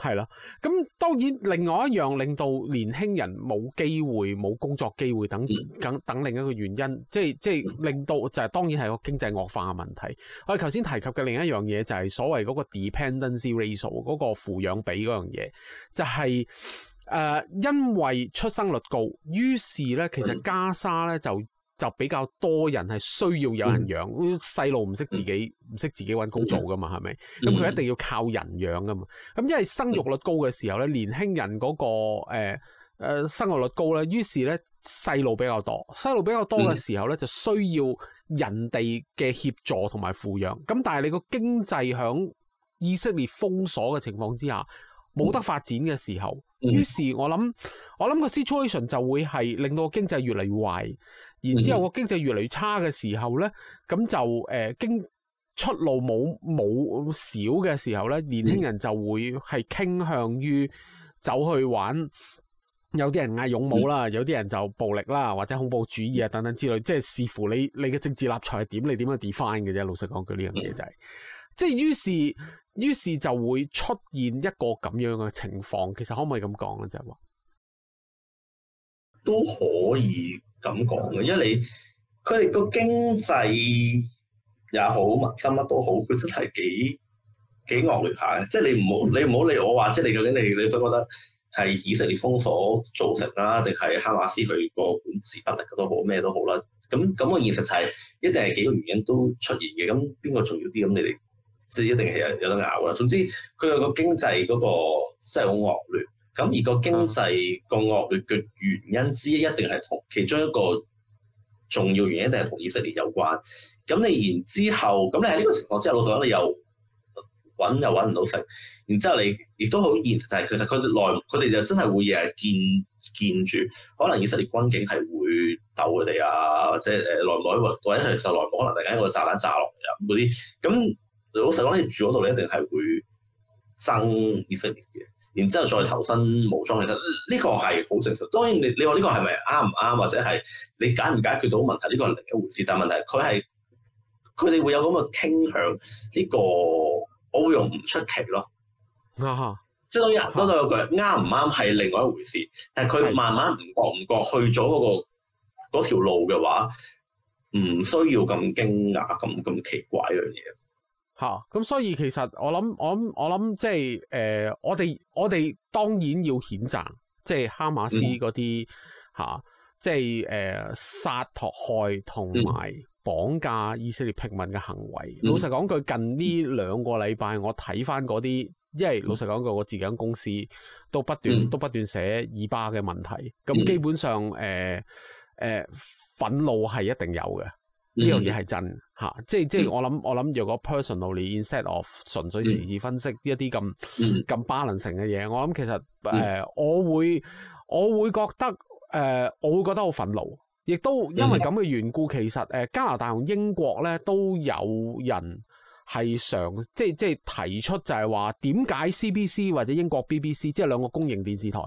係啦，咁當然另外一樣令到年輕人冇機會冇工作機會，等等等另一個原因，嗯、即係即係令到就係、是、當然係個經濟惡化嘅問題。我哋頭先提及嘅另一樣嘢就係、是、所謂嗰個 dependency ratio 嗰個扶養比嗰樣嘢，就係、是。誒，uh, 因為出生率高，於是咧，其實加沙咧就就比較多人係需要有人養細路，唔識、mm hmm. 自己唔識自己揾工做㗎嘛，係咪？咁佢、mm hmm. 嗯、一定要靠人養㗎嘛。咁因為生育率高嘅時候咧，年輕人嗰、那個誒、呃呃、生育率高咧，於是咧細路比較多，細路比較多嘅時候咧，mm hmm. 就需要人哋嘅協助同埋扶養。咁、嗯、但係你個經濟喺以色列封鎖嘅情況之下冇得發展嘅時候。於是我諗，我諗個 situation 就會係令到個經濟越嚟越壞，然後之後個經濟越嚟越差嘅時候呢，咁、嗯、就誒、呃、經出路冇冇少嘅時候呢，年輕人就會係傾向於走去玩，有啲人嗌勇武啦，有啲人就暴力啦，或者恐怖主義啊等等之類，即係視乎你你嘅政治立場係點，你點樣 define 嘅啫。老實講句呢樣嘢就係、是，即係於是。於是就會出現一個咁樣嘅情況，其實可唔可以咁講咧？就係話都可以咁講嘅，因為你佢哋個經濟也好，民生乜都好，佢真係幾幾惡劣下嘅。即係你唔好你唔好理我話，即係你究竟你你想覺得係以色列封鎖造成啦，定係哈馬斯佢個管治不力都好，咩都好啦。咁咁個現實就係一定係幾個原因都出現嘅。咁邊個重要啲？咁你哋。即係一定係有有得咬啦。總之佢有、那個、個經濟嗰個真係好惡劣，咁而個經濟個惡劣嘅原因之一一定係同其中一個重要原因，一定係同以色列有關。咁你然之後，咁你喺呢個情況之下，老實講，你又揾又揾唔到食，然之後你亦都好現實，就係其實佢內佢哋就真係會誒見見住，可能以色列軍警係會鬥佢哋啊，即係誒內內或或者其實內部可能大家一個炸彈炸落嚟咁嗰啲咁。老實講，你住嗰度你一定係會憎以色列嘅，然之後再投身武裝，其實呢個係好正常。當然你，你你話呢個係咪啱唔啱，或者係你解唔解決到問題，呢個係另一回事。但問題佢係佢哋會有咁嘅傾向，呢、呢個我用唔出奇咯。即係當然，人多咗句啱唔啱係另外一回事，但係佢慢慢唔覺唔覺去咗嗰、嗰個條路嘅話，唔需要咁驚訝，咁咁奇怪一樣嘢。吓，咁、啊、所以其實我諗，我諗，我諗即係誒，我哋、呃、我哋當然要譴責，即係哈馬斯嗰啲嚇，即係誒殺、呃、屠害同埋綁架以色列平民嘅行為。嗯、老實講句，近呢兩個禮拜我睇翻嗰啲，因為老實講句，我自己間公司都不斷、嗯、都不斷寫以巴嘅問題，咁基本上誒誒、呃呃、憤怒係一定有嘅。呢樣嘢係真吓、mm hmm. 啊，即係即係我諗，我諗若果 personally instead of 我純粹時事分析一啲咁咁 balance 性嘅嘢，我諗其實誒、呃，我會我會覺得誒，我會覺得好、呃、憤怒，亦都因為咁嘅緣故，mm hmm. 其實誒、呃，加拿大同英國咧都有人。係常即係即係提出就係話點解 CBC 或者英國 BBC 即係兩個公營電視台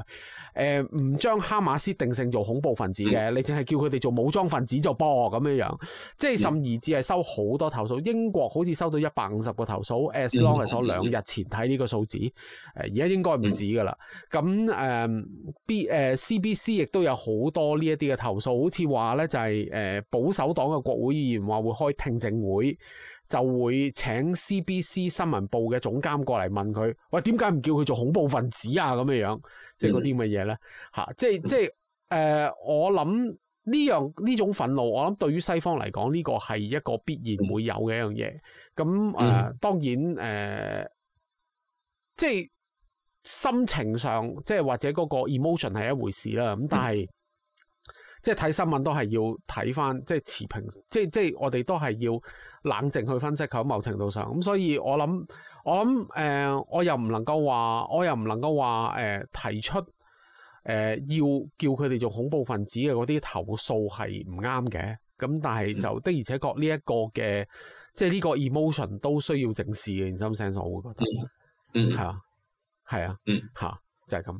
誒唔將哈馬斯定性做恐怖分子嘅，你淨係叫佢哋做武裝分子做噃，咁樣樣，即係甚而至係收好多投訴。英國好似收到一百五十個投訴，as long as 我兩日前睇呢個數字，誒而家應該唔止㗎啦。咁誒、嗯呃、B 誒、呃、CBC 亦都有好多呢一啲嘅投訴，好似話呢就係、是、誒、呃、保守黨嘅國會議員話會開聽證會。就會請 CBC 新聞部嘅總監過嚟問佢，喂，點解唔叫佢做恐怖分子啊？咁樣樣，即係嗰啲乜嘢咧？吓、mm hmm. 啊，即係即係誒，我諗呢樣呢種憤怒，我諗對於西方嚟講，呢個係一個必然會有嘅一樣嘢。咁啊、mm hmm. 呃，當然誒、呃，即係心情上，即係或者嗰個 emotion 係一回事啦。咁但係。Mm hmm. 即係睇新聞都係要睇返，即係持平，即係即係我哋都係要冷靜去分析佢喺某程度上。咁所以我，我諗我諗誒，我又唔能夠話，我又唔能夠話誒、呃、提出誒、呃、要叫佢哋做恐怖分子嘅嗰啲投訴係唔啱嘅。咁但係就、嗯、的而且確呢一個嘅，即係呢個 emotion 都需要正視嘅。真心聲，我會覺得，嗯，係、嗯、啊，係啊，嚇、嗯啊、就係、是、咁。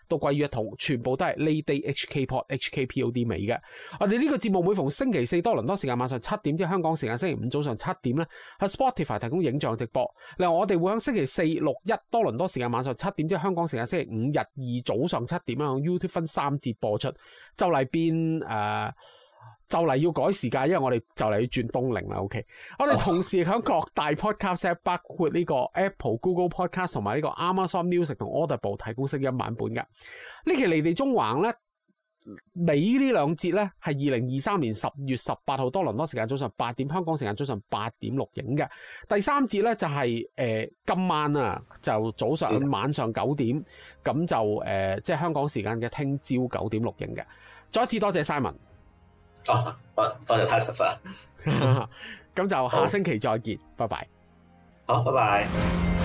都貴於同，全部都係 Late Date HK Pod HKPOD 尾嘅。我哋呢個節目每逢星期四多倫多時間晚上七點，即係香港時間星期五早上七點咧，喺 Spotify 提供影像直播。另外，我哋會喺星期四、六、一多倫多時間晚上七點，即係香港時間星期五日二早上七點啊，喺 YouTube 分三節播出。就嚟邊誒？呃就嚟要改時間，因為我哋就嚟要轉冬令啦。OK，我哋同時響各大 podcast，包括呢個 Apple、Google Podcast 同埋呢個 Amazon Music 同 Audible 提供聲音版本嘅。呢期離地縱橫呢，你呢兩節呢係二零二三年十月十八號多倫多時間早上八點，香港時間早上八點錄影嘅。第三節呢就係、是、誒、呃、今晚啊，就早上晚上九點咁就誒即係香港時間嘅聽朝九點錄影嘅。再一次多謝 Simon。哦，多多謝太十分，咁就下星期再見，好拜拜，好，拜拜。